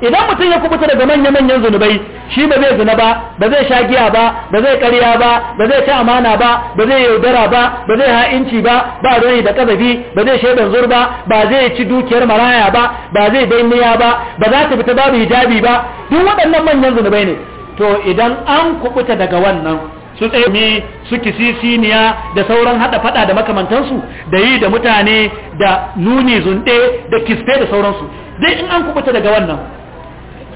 idan mutum ya kubuta daga manya-manyan zunubai shi ba zai zina ba ba zai sha giya ba ba zai karya ba ba zai ci amana ba ba zai yaudara ba ba zai ha'inci ba ba ruwani da kazafi ba zai shaidan zur ba ba zai ci dukiyar maraya ba ba zai daimiya ba ba za ta fita babu hijabi ba duk waɗannan manyan zunubai ne to idan an kubuta daga wannan su tsaye su kisisiniya da sauran hada fada da makamantansu da yi da mutane da nuni zunde da kisfe da sauransu dai in an kubuta daga wannan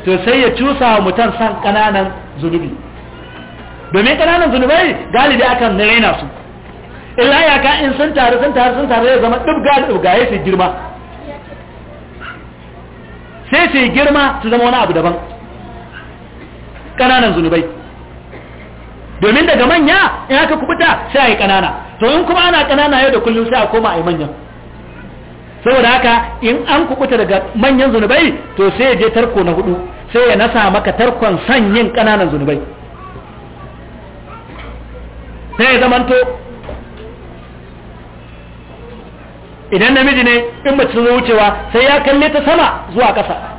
to sai ya cusa wa mutum san kananan zunubi domin kananan zunubai galibi akan raina su illa ya ka in sun taru sun taru sun taru ya zama dubga da dubga ya su girma sai su girma su zama wani abu daban kananan zunubai domin daga manya in aka kubuta sai a yi kanana to in kuma ana kanana yau da kullum sai a koma a manyan saboda haka in an kubuta daga manyan zunubai to sai ya je tarko na hudu sai ya nasa maka tarkon yin ƙananan zunubai sai ya zamanto idan namiji ne in mace zo wucewa sai ya kalle ta sama zuwa ƙasa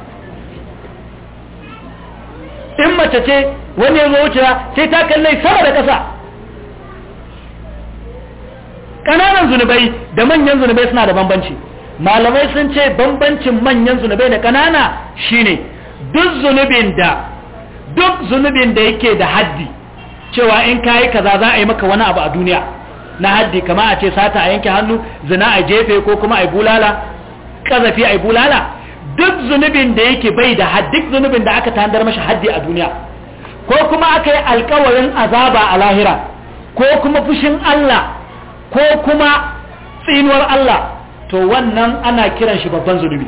in mace ce wani ya zo wucewa sai ta kalle sama da ƙasa ƙananan zunubai da manyan zunubai suna da bambanci malamai sun ce bambancin manyan zunubai da ƙanana shine duk zunubin da duk zunubin da yake da haddi cewa in kayi kaza za a yi maka wani abu a duniya na haddi kama a ce sata a yanke hannu zina a jefe ko kuma a bulala ƙazafi a bulala duk zunubin da yake bai da had duk zunubin da aka tandar mashi haddi a duniya ko kuma aka yi alkawarin azaba a lahira ko kuma fushin Allah ko kuma tsinuwar Allah to wannan ana kiran shi babban zunubi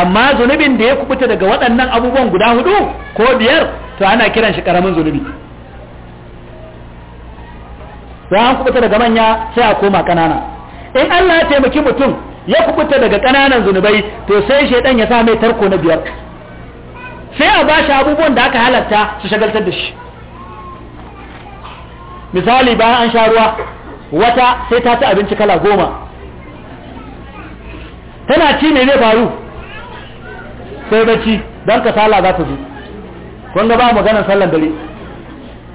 amma zunubin da ya kubuta daga waɗannan abubuwan guda hudu ko biyar to ana kiran shi ƙaramin zunubi don an kubuta daga manya sai a koma ƙanana in Allah ya taimaki mutum ya kubuta daga ƙananan zunubai to sai shaidan ya sa mai tarko na biyar sai a ba shi abubuwan da aka halatta su shagaltar da shi misali bayan an sha ruwa wata sai ta ci abinci kala goma tana ci ne zai faru sai bacci don kasala za ta zo wanda ba maganan sallan dare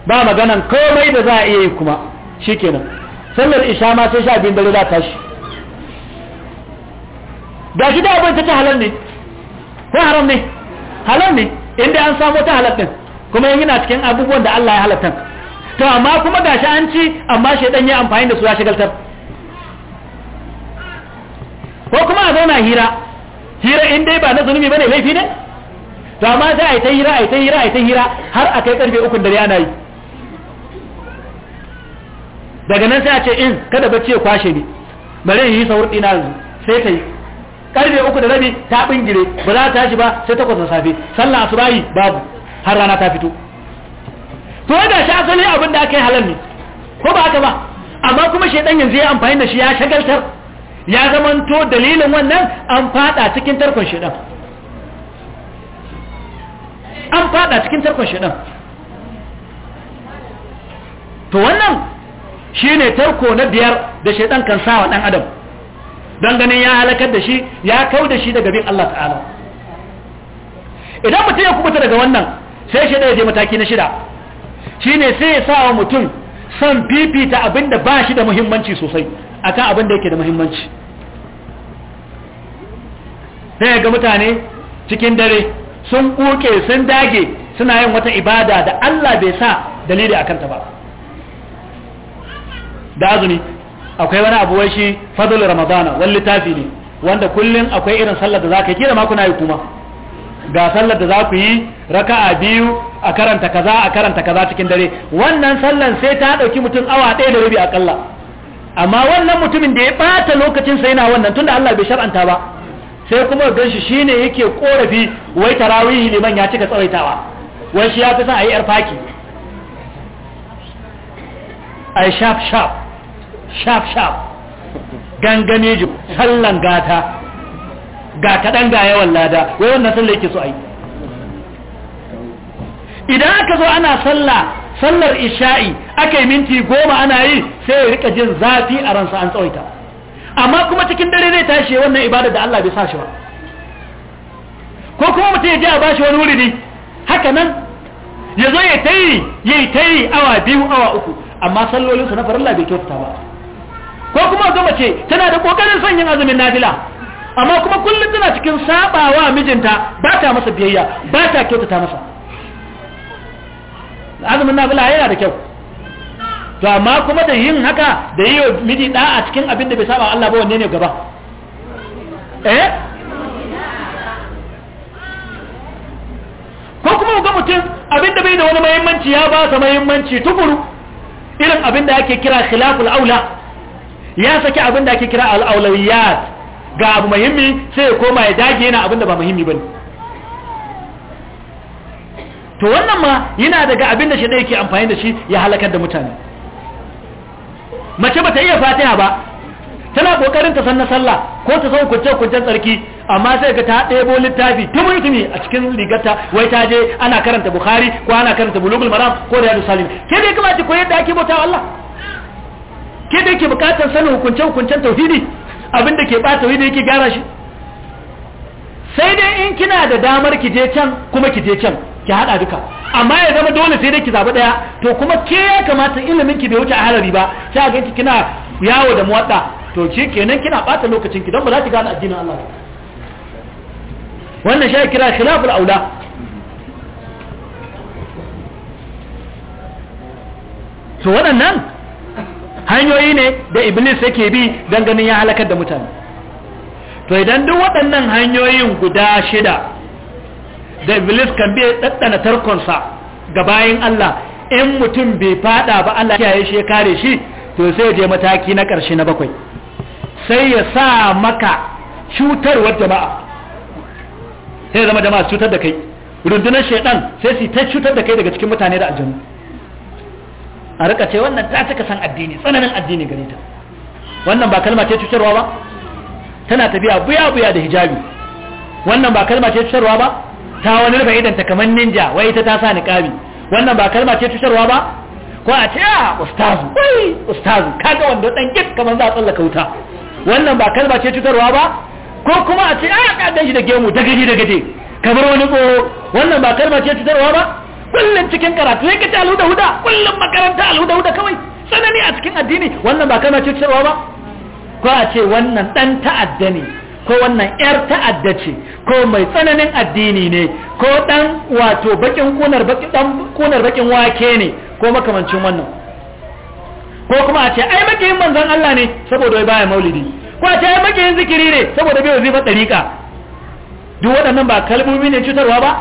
ba maganan komai da za a iya yi kuma shi kenan sallar isha ma sai sha biyun dare za ta shi Gashi da abin ta ta halal ne ko haram ne halal ne inda an samu ta halal din kuma yana cikin abubuwan da Allah ya halatta to amma kuma gashi an ci amma shedan ya amfani da su ya shigaltar ko kuma a zauna hira hira in dai ba na zunubi bane laifi ne to amma sai ai ta hira ai ta hira ai ta hira har akai karfe 3 dare ana yi daga nan sai a ce in kada bacci ya kwashe ni bare yi sahur dina sai ta yi karfe uku da rabi ta bingire ba za ta shi ba sai takwas na safe sallah asubahi babu har rana ta fito to da shi asali abin da aka yi halal ne ko ba haka ba amma kuma shaidan yanzu ya amfani da shi ya shagaltar ya zamanto dalilin wannan an fada cikin tarkon shaidan an fada cikin tarkon shaidan to wannan shine tarko na biyar da shaidan kan sawa dan adam don ganin ya halakar da shi ya kau da shi daga bin Allah ta'ala idan mutum ya kubuta daga wannan sai shi ya je mataki na shida shi ne sai ya sa wa mutum son fifita abin da ba shi da muhimmanci sosai akan abin da yake da muhimmanci sai ga mutane cikin dare sun kuke sun dage suna yin wata ibada da Allah bai sa dalili akan ta ba da azumi akwai wani abu wai shi ramadana wani littafi ne wanda kullum akwai irin sallar da zaka yi kira ma kuna yi kuma ga sallar da za ku yi raka'a biyu a karanta kaza a karanta kaza cikin dare wannan sallan sai ta dauki mutum awa ɗaya da rabi akalla amma wannan mutumin da ya bata lokacin sa yana wannan tunda Allah bai shar'anta ba sai kuma gan shi shine yake korafi wai tarawihi liman ya cika tsawaitawa wai shi ya fi son a yi yar faki a sharp sharp shaf shaf gangane ji sallan gata ga kaɗan ga yawan lada wai wannan sallar yake so a idan aka zo ana sallah sallar isha'i aka minti goma ana yi sai ya rika jin zafi a ransa an tsawaita amma kuma cikin dare zai tashi wannan ibada da Allah bai sa shi ba ko kuma mutum ya ji a bashi wani wuri haka nan ya zo ya tayi ya tayi awa biyu awa uku amma sallolinsa na farilla bai kyauta ba ko kuma ga mace tana da kokarin son yin azumin nafila amma kuma kullum tana cikin sabawa mijinta ba ta masa biyayya ba ta kyautata masa azumin nafila yana da kyau to amma kuma da yin haka da yi wa miji da a cikin abin da bai saba Allah ba wanne ne gaba eh ko kuma ga mutum abin da bai da wani muhimmanci ya ba sa muhimmanci tukuru irin abin da ake kira khilaful aula ya saki abin da ake kira al'aulawiyat ga abu muhimmi sai ya koma ya dage yana abin da ba muhimmi ba. to wannan ma yana daga abin da shi ɗaya ke amfani da shi ya halakar da mutane mace ba ta iya fatiha ba tana ƙoƙarin ta san na sallah ko ta san kunce kuncen tsarki amma sai ga ta ɗebo littafi tumi tumi a cikin rigarta wai ta je ana karanta bukhari ko ana karanta bulugul maram ko da ya salim sai dai kuma ta koyar da ake bautawa Allah ke da yake bukatar sanin hukunce hukuncen tauhidi abin da ke bata tauhidi yake gyara shi sai dai in kina da damar ki je can kuma ki je can ki hada duka amma ya zama dole sai dai ki zaba daya to kuma ke ya kamata ilimin ki bai wuce ahalari ba sai a ganki kina yawo da muwadda to shi kenan kina bata lokacin ki don ba za ki gane addinin Allah wannan shi kira khilaful aula to waɗannan hanyoyi ne da iblis yake bi don ganin ya halakar da mutane to idan duk waɗannan hanyoyin guda shida da iblis kan bi ɗaɗɗana tarkonsa ga bayan Allah in mutum bai fada ba Allah ya shi kare shi to sai je mataki na karshe na bakwai sai ya sa maka cutarwar jama'a sai zama jama'a cutar da kai rundunar shaidan sai su ta cutar da kai daga cikin mutane da aljanu a rika ce wannan ta cika san addini tsananin addini gare ta wannan ba kalma ce cutarwa ba tana tafiya buya buya da hijabi wannan ba kalma ce cutarwa ba ta wani rufe idan ta kamar ninja wai ita ta sa niqabi wannan ba kalma ce cutarwa ba ko a ce a ah, ustazu wai ustazu ka ga wanda dan git kamar za a tsalla kauta wannan ba kalma ce cutarwa ba ko kuma a ce a ah, kadan shi da gemu da gaji da gaje kamar wani ko wannan ba kalma ce cutarwa ba kullum cikin karatu ya kace alhuda huda kullum makaranta alhuda huda kawai sanani a cikin addini wannan ba kana cewa ba ko a ce wannan dan ta'adda ne ko wannan yar ta'adda ce ko mai tsananin addini ne ko dan wato bakin kunar bakin dan kunar bakin wake ne ko makamancin wannan ko kuma a ce ai makiyin manzon Allah ne saboda baya maulidi ko a ce ai makiyin zikiri ne saboda bai wazifa dariqa duk waɗannan ba kalmomi ne cutarwa ba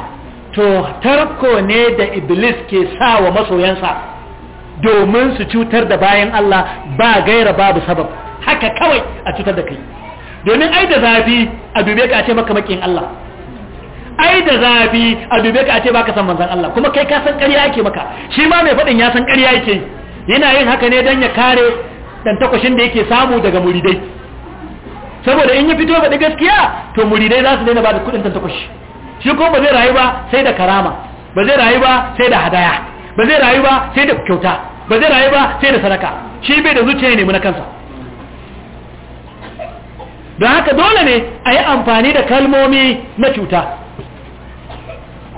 to tarko ne da iblis ke sa wa masoyansa domin su cutar da bayan Allah ba gaira babu sabab haka kawai a cutar da kai domin ai da zafi a dube ka ce maka makin Allah ai da zafi a dube ka ce baka san manzon Allah kuma kai ka san ƙarya yake maka shi ma mai faɗin ya san ƙarya yake yana yin haka ne dan ya kare dan takwashin da yake samu daga muridai saboda in ya fito da gaskiya to muridai za su daina ba da kuɗin tantakwashi takwashi shi ko ba zai rayu ba sai da karama ba zai rayu ba sai da hadaya ba zai rayu ba sai da kyauta ba zai rayu ba sai da sadaka shi bai da zuciya ne na kansa don haka dole ne a yi amfani da kalmomi na cuta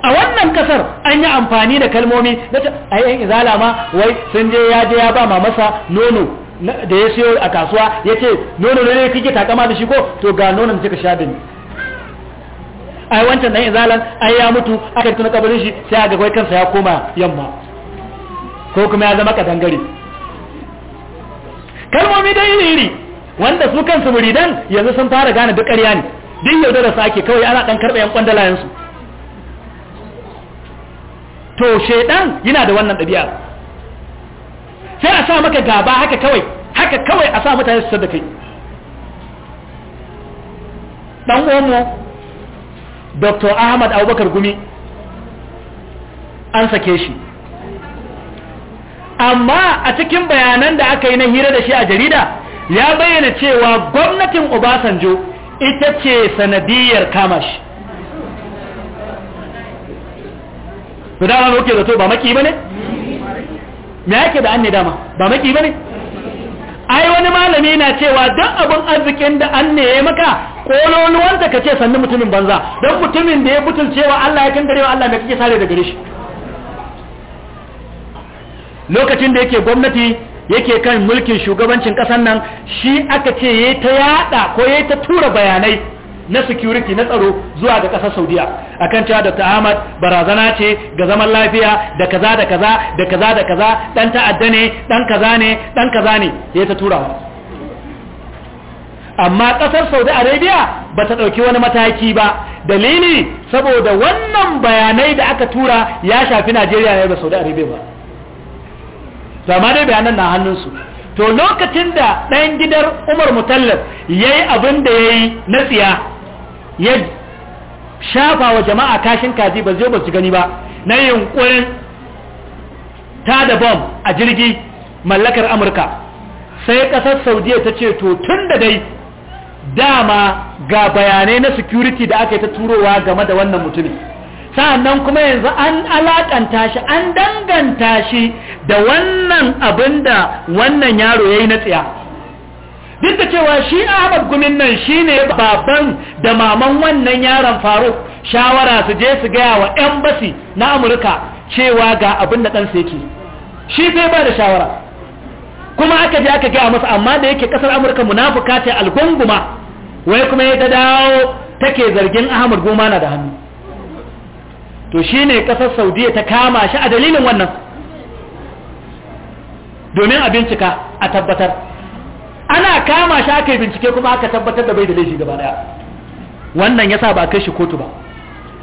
a wannan kasar an yi amfani da kalmomi na a yi izala ma wai sun je ya je ya ba ma masa nono da ya siyo a kasuwa ya ce nono ne kike takama da shi ko to ga nonon kika sha da ni ai wancan dan izalan ai ya mutu aka tuna kabarin shi sai ga kai kansa ya koma yamma ko kuma ya zama kadangare kalmomi dai iri iri wanda su kansu muridan yanzu sun fara gane duk ƙarya ne duk da su ake kawai ana dan karba yan kwandalayensu to shedan yana da wannan ɗabi'a sai a sa maka gaba haka kawai haka kawai a sa mutane su da kai dan uwanmu dr ahmad abubakar gumi an sake shi amma a cikin bayanan da aka yi na hira da shi a jarida ya bayyana cewa gwamnatin obasanjo ita ce sanadiyar kama shi su dama wuke zato ba maki ba ne? me yake da an ne dama ba maki ba ne? ai wani malami na cewa duk abin arzikin da an ne maka kololuwanta ka ce sannu mutumin banza don mutumin da ya cewa Allah ya kankare wa Allah da kake sare da gare shi lokacin da yake gwamnati yake kan mulkin shugabancin kasan nan shi aka ce yayi ta yada ko yayi ta tura bayanai na security na tsaro zuwa ga kasar saudiya akan cewa dr ahmad barazana ce ga zaman lafiya da kaza da kaza da kaza da kaza dan ta'adda ne dan kaza ne dan kaza ne ya ta turawa amma kasar saudi arabia ba ta ɗauki wani mataki ba dalili saboda wannan bayanai da aka tura ya shafi najeriya ne da saudi arabia ba amma dai bayanan na hannunsu to lokacin da ɗan gidan umar mutallaf ya yi abin da ya yi na tsiya ya shafa wa jama'a kashin kaji ba zai ba su gani ba na yunkurin ta da bom a jirgi mallakar amurka sai kasar saudiya ta ce to tun da dai dama ga bayanai na security da aka yi ta turowa game da wannan mutumin sa'annan kuma yanzu an alakanta shi an danganta shi da wannan abin da wannan yaro ya yi na tsiya duk da cewa shi ahmad gumin nan shi ne baban da maman wannan yaron faruk shawara su je su gaya wa 'yan basi na amurka cewa ga abin da ɗansa yake shi zai ba da shawara kuma aka je aka gaya masa amma da yake ƙasar amurka munafuka ce algunguma wai kuma ya dawo take zargin ahmad goma na da hannu to shi ne ƙasar saudiya ta kama shi a dalilin wannan domin a bincika a tabbatar ana kama shi aka yi bincike kuma aka tabbatar da bai da laifi gaba daya wannan yasa ba kai shi kotu ba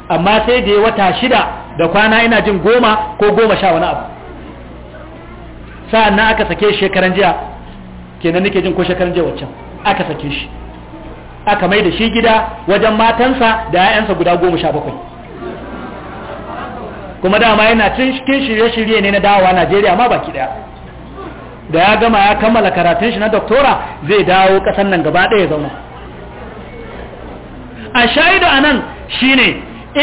amma sai da ya wata shida da kwana ina jin goma ko goma sha wani abu sa'an aka sake shi shekaran jiya kenan nake jin ko shekaran jiya waccan aka sake shi aka mai da shi gida wajen matansa da 'ya'yansa guda goma sha bakwai kuma dama yana cikin shirye-shirye ne na dawowa najeriya ma baki daya da ya gama ya kammala karatun shi na doktora zai dawo kasan nan gaba ɗaya zauna a shaidu a nan shi ne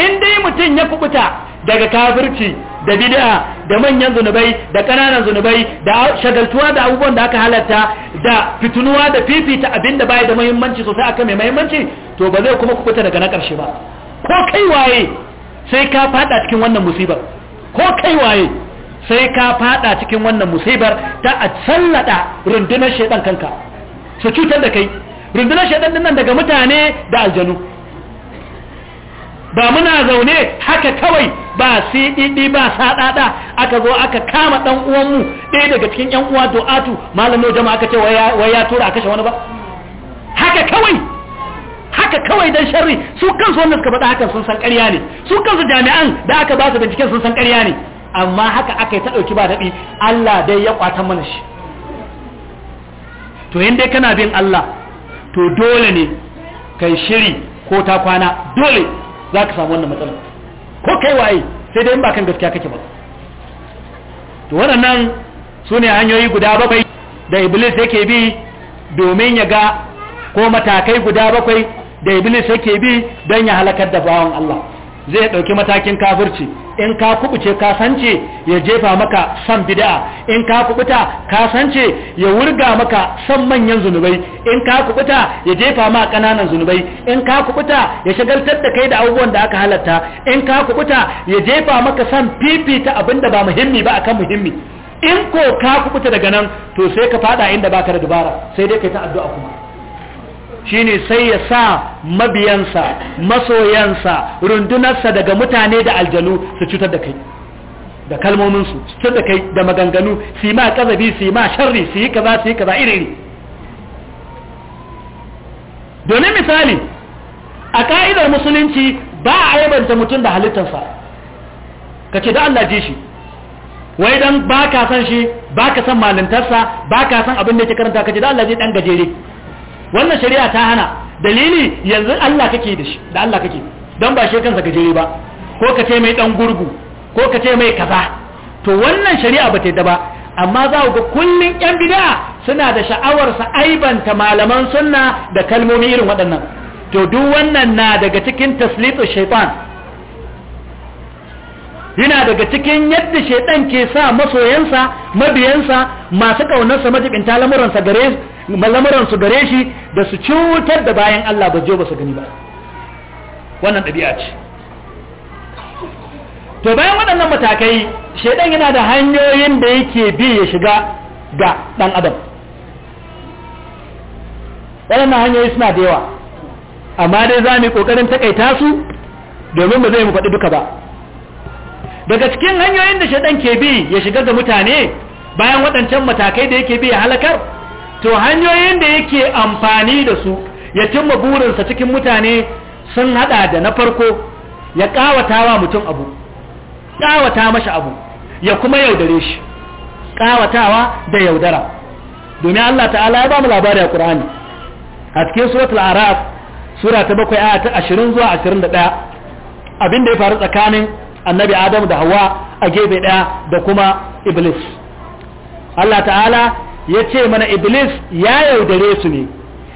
in dai mutum ya kubuta daga kafirci da bid'a da manyan zunubai da ƙananan zunubai da shagaltuwa da abubuwan da aka halatta da fitunuwa da fifita abin da bai da muhimmanci sosai aka mai muhimmanci to ba zai kuma kubuta daga na ƙarshe ba ko kai waye sai ka faɗa cikin wannan musibar ko kai waye sai ka fada cikin wannan musibar ta a sallada rundunar shaidan kanka su cutar da kai rundunar shaidan nan daga mutane da aljanu ba muna zaune haka kawai ba siɗiɗi ba saɗaɗa aka zo aka kama ɗan uwanmu ɗaya daga cikin yan uwa do'atu malamin jama'a aka ce wai ya tura a kashe wani ba haka kawai haka kawai dan sharri su kansu wanda suka faɗa hakan sun san ƙarya ne su kansu jami'an da aka ba su binciken sun san ƙarya ne amma haka aka yi ta ɗauki ba daɗi Allah dai ya ƙwata mana shi to yin dai kana bin Allah to dole ne kai shiri ko ta kwana dole za ka samu wannan matsalar ko kai waye sai dai in ba kan gaskiya kake ba to waɗannan su ne hanyoyi guda bakwai da iblis yake bi domin ya ga ko matakai guda bakwai da iblis yake bi don ya halakar da bawan Allah zai ɗauki matakin kafirci in ka kubuce ka sance ya jefa maka san bid'a in ka kubuta ka sance ya wurga maka san manyan zunubai in ka kubuta ya jefa ma kananan zunubai in ka kubuta ya shagaltar da kai da abubuwan da aka halatta in ka kubuta ya jefa maka san fifita abinda ba muhimmi ba akan muhimmi in ko ka kubuta daga nan to sai ka fada inda baka da dubara sai dai kai ta addu'a kuma shine sai ya sa mabiyansa masoyansa rundunarsa daga mutane da aljanu su cutar da kai da kalmominsu su cutar da kai da maganganu su yi ma kazabi su yi ma sharri su yi kaza su yi kaza iri domin misali a ka'idar musulunci ba a aibanta mutum da halittarsa ka ce da Allah ji shi wai dan ba ka san shi ba ka san malintarsa ba ka san abin da ke karanta ka ce da Allah ji dan gajere wannan shari'a ta hana dalili yanzu Allah kake da shi da Allah kake don ba shi kansa gajere ba ko ka ce mai dan gurgu ko ka ce mai kaza to wannan shari'a ba ta yadda ba amma za ku ga kullun yan bid'a suna da sha'awar sa aibanta malaman sunna da kalmomi irin waɗannan to duk wannan na daga cikin taslitu shafan. yana daga cikin yadda shaidan ke sa masoyansa mabiyansa masu kaunarsa majibinta lamuransa gare lamuransu gare shi da su cutar da bayan Allah ba jo ba su gani ba wannan ɗabi'a ce to bayan waɗannan matakai shaidan yana da hanyoyin da yake bi ya shiga ga ɗan adam waɗannan hanyoyi suna da yawa amma dai za mu yi ƙoƙarin taƙaita su domin ba zai mu faɗi duka ba daga cikin hanyoyin da shaidan ke bi ya shiga ga mutane bayan waɗancan matakai da yake bi ya halakar to hanyoyin da yake amfani da su ya cimma burinsa cikin mutane sun haɗa da na farko ya ƙawata wa mutum abu ƙawata mashi abu ya kuma yaudare shi ƙawatawa da yaudara domin Allah ta'ala ya ba mu labari a Qur'ani a cikin suratul araf sura ta bakwai aya ta ashirin zuwa ashirin da ɗaya da ya faru tsakanin annabi adamu da hawa a gefe daya da kuma iblis Allah ta'ala ya ce mana iblis ya yaudare su ne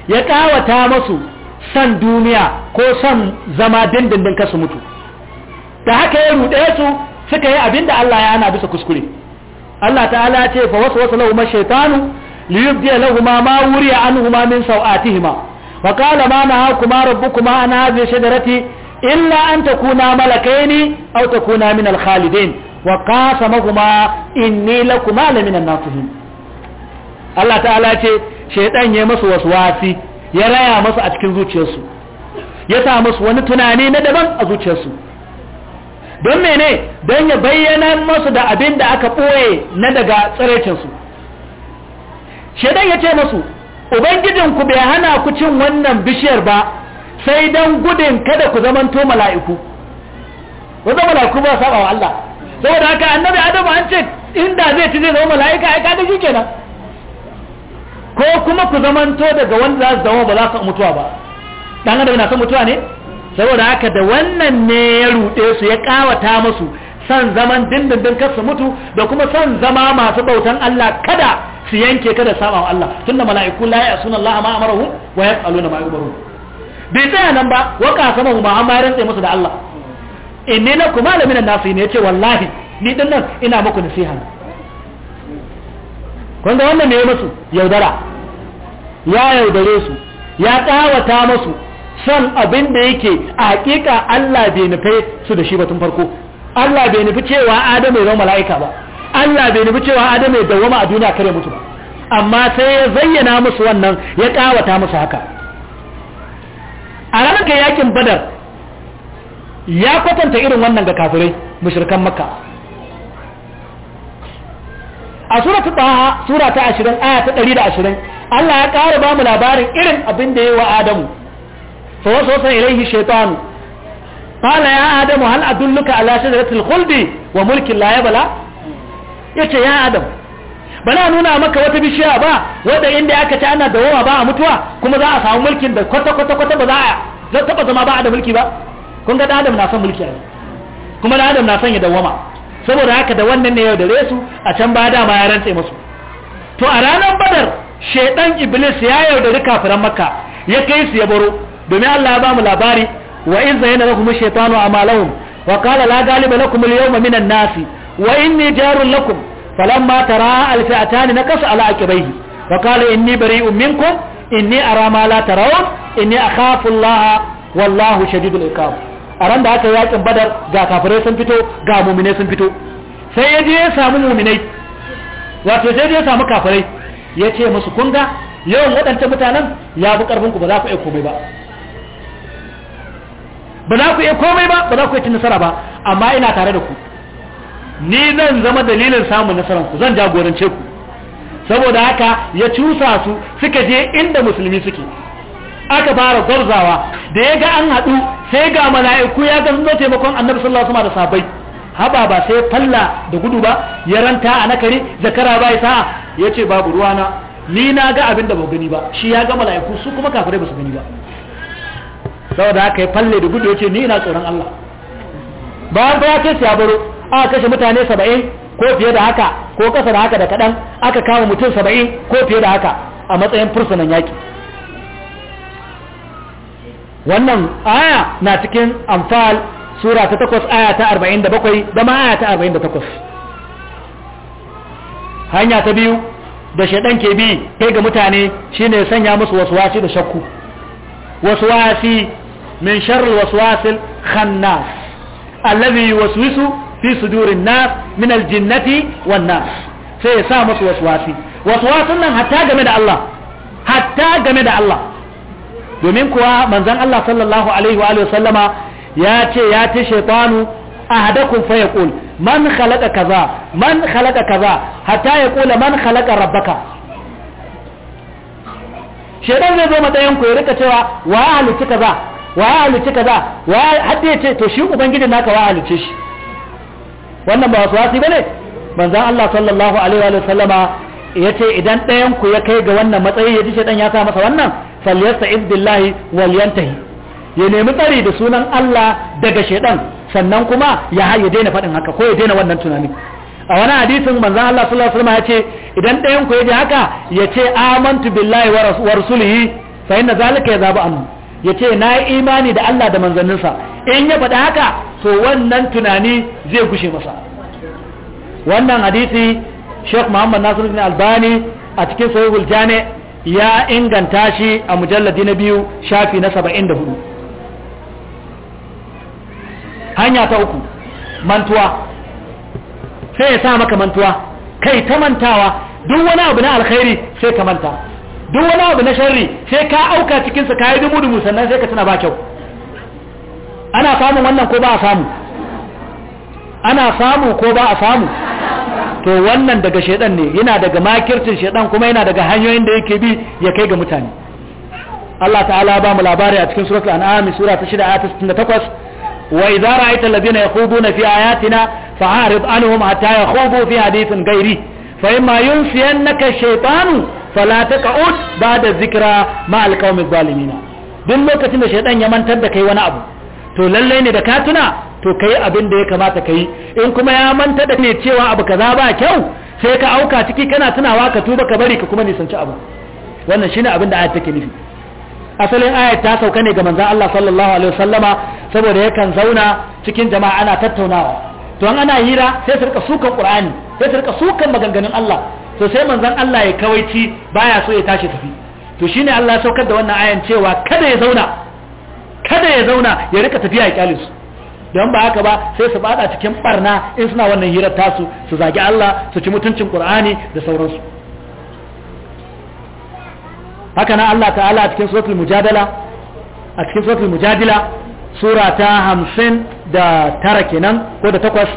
ya kawata masu san duniya ko san zama dindindin kasu mutu da haka ya ruɗe su suka yi abinda Allah ya ana bisa kuskure Allah ta'ala ya ce fa wasu wasu lahu shaitanu liyubdi lahu ma wuri a anhu ma min sau'atihima wa qala ma nahakuma rabbukuma an hadhihi shajarati illa an takuna malakaini aw takuna min al-khalidin wa qasamahuma inni lakuma la min an-nasihin Allah ta'ala ce shaytan ya masu waswasi ya raya masu a cikin zuciyarsu ya sa masu wani tunani na daban a zuciyarsu don mene don ya bayyana masu da abin da aka ɓoye na daga tsiraicinsu shaidan ya ce masu ubangijinku bai hana ku cin wannan bishiyar ba sai don gudun kada ku zamanto mala'iku zama mala'iku ba saba wa Allah saboda haka annabi adam an ce inda zai ci zai zama mala'ika ai kada shi kenan ko kuma ku zamanto daga wanda za su zama ba za su mutuwa ba dan adam na son mutuwa ne saboda haka da wannan ne ya rude su ya kawata musu san zaman dindindin kar su mutu da kuma san zama masu bautan Allah kada su yanke kada saba wa Allah tunda mala'iku la ya sunan Allah ma amarahum wa yas'aluna ma yubarun bai tsaya nan ba waka sama mu amma ya rantsa musu da Allah inni na kuma da minan nasu ne yace wallahi ni din nan ina muku nasiha kun ga wannan ne musu yaudara ya yaudare su ya ƙawata musu son abin da yake a hakika Allah bai nufi su da shi ba tun farko Allah bai nufi cewa Adamu ya mala'ika ba Allah bai nufi cewa Adamu ya dawoma a duniya kare mutu ba amma sai ya zayyana musu wannan ya kawata musu haka a ranar yakin badar ya kwatanta irin wannan ga kafirai mushrikan makka a sura ta taha sura ta 20 aya ta 120 Allah ya ƙara ba mu labarin irin abin da ya wa Adamu fa wasu san ilaihi shaytanu qala ya adamu hal adulluka ala shajaratil khuldi wa mulkin la yabla yace ya adamu Bana nuna maka wata bishiya ba wadda inda aka ci ana dawoma ba a mutuwa kuma za a samu mulkin da kwata kwata kwata ba za a taba zama ba a da mulki ba kun ga adam na son mulki a kuma da adam na son ya dawoma saboda haka da wannan ne yau da resu a can ba ma ya rantse musu to a ranar badar shaidan iblis ya yaudari kafiran makka ya kai su ya baro domin Allah ya ba mu labari wa in zayyana lakum shaytanu a'malahum wa qala la ghaliba lakum al-yawma minan nasi wa inni jarun lakum falamma tara alfi'atani nakasa ala aqibaihi wa qala inni bari'un minkum inni ara ma la tarawun inni akhafu Allah wallahu shadidul iqab aran da aka yakin badar ga kafirai sun fito ga mu'minai sun fito sai ya je ya samu mu'minai wato sai ya samu kafirai ya ce musu kun ga yawan waɗancan mutanen ya fi ƙarfin ku ba za ku iya komai ba ba za ku iya komai ba ba za ku iya cin nasara ba amma ina tare da ku ni zan zama dalilin samun nasarar ku zan jagorance ku saboda haka ya cusa su suka je inda musulmi suke aka fara gwarzawa da ya ga an haɗu sai ga mala'iku ya ga zuwa taimakon annabi sallallahu alaihi wasallam da sabai haba ba sai falla da gudu ba ya ranta a nakare zakara bai sa'a ce babu ruwa na. ni na ga abin da ba gani ba shi ya ga mala'iku su kuma kafirai ba su gani ba saboda haka ya falle da gudu ya ce ni ina tsoron Allah ba ba ya ce ya baro aka kashe mutane saba'in ko fiye da haka ko kasa da haka da kaɗan aka kama mutum saba'in ko fiye da haka a matsayin fursunan yaƙi wannan aya na cikin amfal sura ta takwas aya ta arba'in da bakwai da ma aya ta arba'in da takwas hanya ta biyu da shaɗan ke bi kai ga mutane shine sanya musu wasu wasi da shakku wasu wasi min sharri wasu wasil khannas allazi yuwaswisu fi sudurin nas min aljinnati wan nas sai ya sa musu waswasi waswasun nan hatta game da Allah hatta game da Allah domin kuwa manzon Allah sallallahu alaihi wa sallama ya ce ya ce shaytanu ahadakum fa yaqul man khalaqa kaza man khalaqa kaza hatta yaqula man khalaqa rabbaka shedan zai zo matsayin ku ya rika cewa wa halicci kaza wa halicci kaza wa hadda ya ce to shi ubangijin naka wa halicci shi wannan ba waswasi bane manzon Allah sallallahu alaihi wa sallama yace idan ɗayan ku ya kai ga wannan matsayi ya ji shedan ya sa masa wannan falyasta'id ibdillahi wal yantahi ya nemi tsari da sunan Allah daga shedan sannan kuma ya haye daina faɗin haka ko ya daina wannan tunani a wani hadisin manzon Allah sallallahu alaihi wa sallama yace idan ɗayan ku ya ji haka ya ce amantu billahi wa rasulihi fa inna zalika yazabu anhu ya ce na yi imani da Allah da manzanninsa in ya faɗi haka to wannan tunani zai gushe masa wannan hadisi Sheikh Muhammad bin Albani a cikin Sahihul Jami ya inganta shi a mujalladi na biyu shafi na 74 hanya ta uku mantuwa sai ya sa maka mantuwa kai ta mantawa duk wani abu na alkhairi sai ka manta duk wani abu na sharri sai ka auka cikinsa ka yi dumu dumu sannan sai ka tuna ba kyau ana samun wannan ko ba a samu ana samu ko ba a samu to wannan daga shaidan ne yana daga makircin shaidan kuma yana daga hanyoyin da yake bi ya kai ga mutane Allah ta'ala ba mu labari a cikin suratul an'am sura ta 6 ayat 68 wa idza ra'aita alladhina yakhuduna fi ayatina fa'arid anhum hatta yakhudu fi hadithin ghairi fa imma yunsiyannaka shaytanu fala ba da zikira ma alqawmi zalimina duk lokacin da shaydan ya mantar da kai wani abu to lalle ne da ka tuna to kai abin da ya kamata kai in kuma ya mantar da ne cewa abu za ba kyau sai ka auka ciki kana tunawa ka tuba ka bari ka kuma nisanci abu wannan shine abin da ayat take nufi asalin ayat ta sauka ne ga manzon Allah sallallahu alaihi wasallama saboda yakan zauna cikin jama'a ana tattaunawa to an ana hira sai su rika sukan qur'ani sai su rika sukan maganganun Allah Sosai sai manzon Allah ya kawaici baya so ya tashi tafi to shi ne Allah ya saukar da wannan ayan cewa kada ya zauna kada ya zauna ya rika tafiya ya kyale su don ba haka ba sai su bada cikin barna in suna wannan hirar tasu su zagi Allah su ci mutuncin Qur'ani da sauransu haka nan Allah ta'ala a cikin suratul mujadala a cikin suratul mujadila sura ta hamsin da tara kenan ko da takwas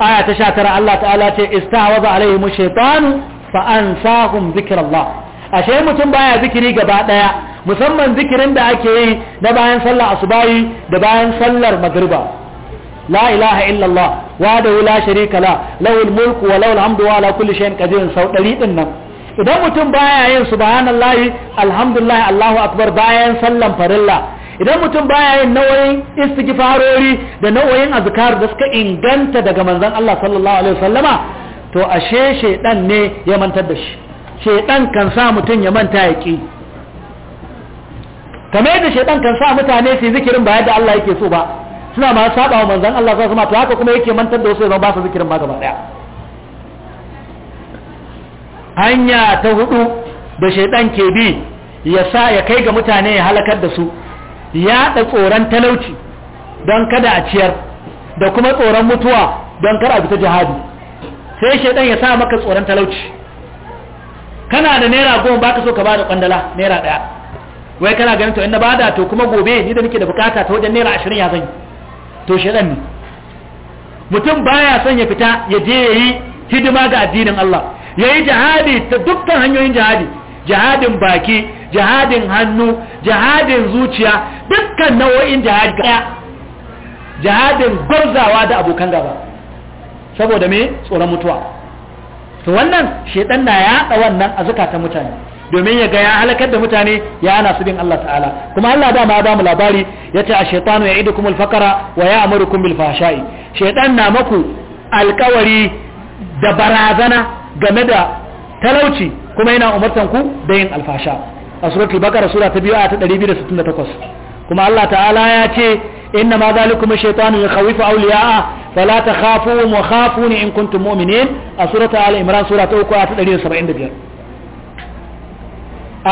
aya ta sha tara Allah ta'ala ce istawaza alaihimu shaitanu fa ansahum zikrallah ashe mutum baya zikiri gaba ɗaya, musamman zikirin da ake yi na bayan sallar asubahi da bayan sallar magriba la ilaha illallah wahdahu la sharika la lahul mulku wa lahul hamdu wa ala kulli shay'in qadir sau 100 din nan idan mutum baya yin subhanallahi alhamdulillah allahu akbar bayan sallan farilla idan mutum baya yin nauyin istighfarori da nauyin azkar da suka inganta daga manzon Allah sallallahu alaihi wasallama to ashe shaidan ne ya mantar da shi shaidan kan sa mutum ya manta ya ƙi kamar yadda shaidan kan sa mutane su zikirin ba yadda Allah yake so ba suna ma saba wa manzon Allah sai kuma to haka kuma yake mantar da wasu ba su zikirin ba gaba daya hanya ta hudu da shaidan ke bi ya sa ya kai ga mutane ya halakar da su ya da tsoron talauci don kada a ciyar da kuma tsoron mutuwa don kar a fita jihadi sai shaidan ya sa maka tsoron talauci kana da naira goma baka so ka ba da kwandala naira daya wai kana ganin to inda ba bada to kuma gobe ni da nake da bukata ta wajen naira ashirin ya zanyi to shaidan ne mutum baya son ya fita ya je ya yi hidima ga addinin Allah ya yi jihadi ta dukkan hanyoyin jihadi jihadin baki jihadin hannu jihadin zuciya dukkan nau'o'in jihadi jihadin gwarzawa da abokan gaba saboda me tsoron mutuwa to wannan shaiɗan na yaɗa wannan a ta mutane domin ya ga ya halakar da mutane ya ana su bin Allah ta'ala kuma Allah da ma ba mu labari yace ash-shaytanu ya'idukum al-faqra wa ya'murukum bil fahsha'i shedan na maku alkawari da barazana game da talauci kuma yana umartan ku da yin alfasha a suratul baqara sura ta a ta 268 kuma Allah ta'ala ya ce إنما ذلكم الشيطان يخوف أولياءه فلا تخافوهم وخافوني إن كنتم مؤمنين سورة آل إمران سورة sura آتت أليه سبعين دبير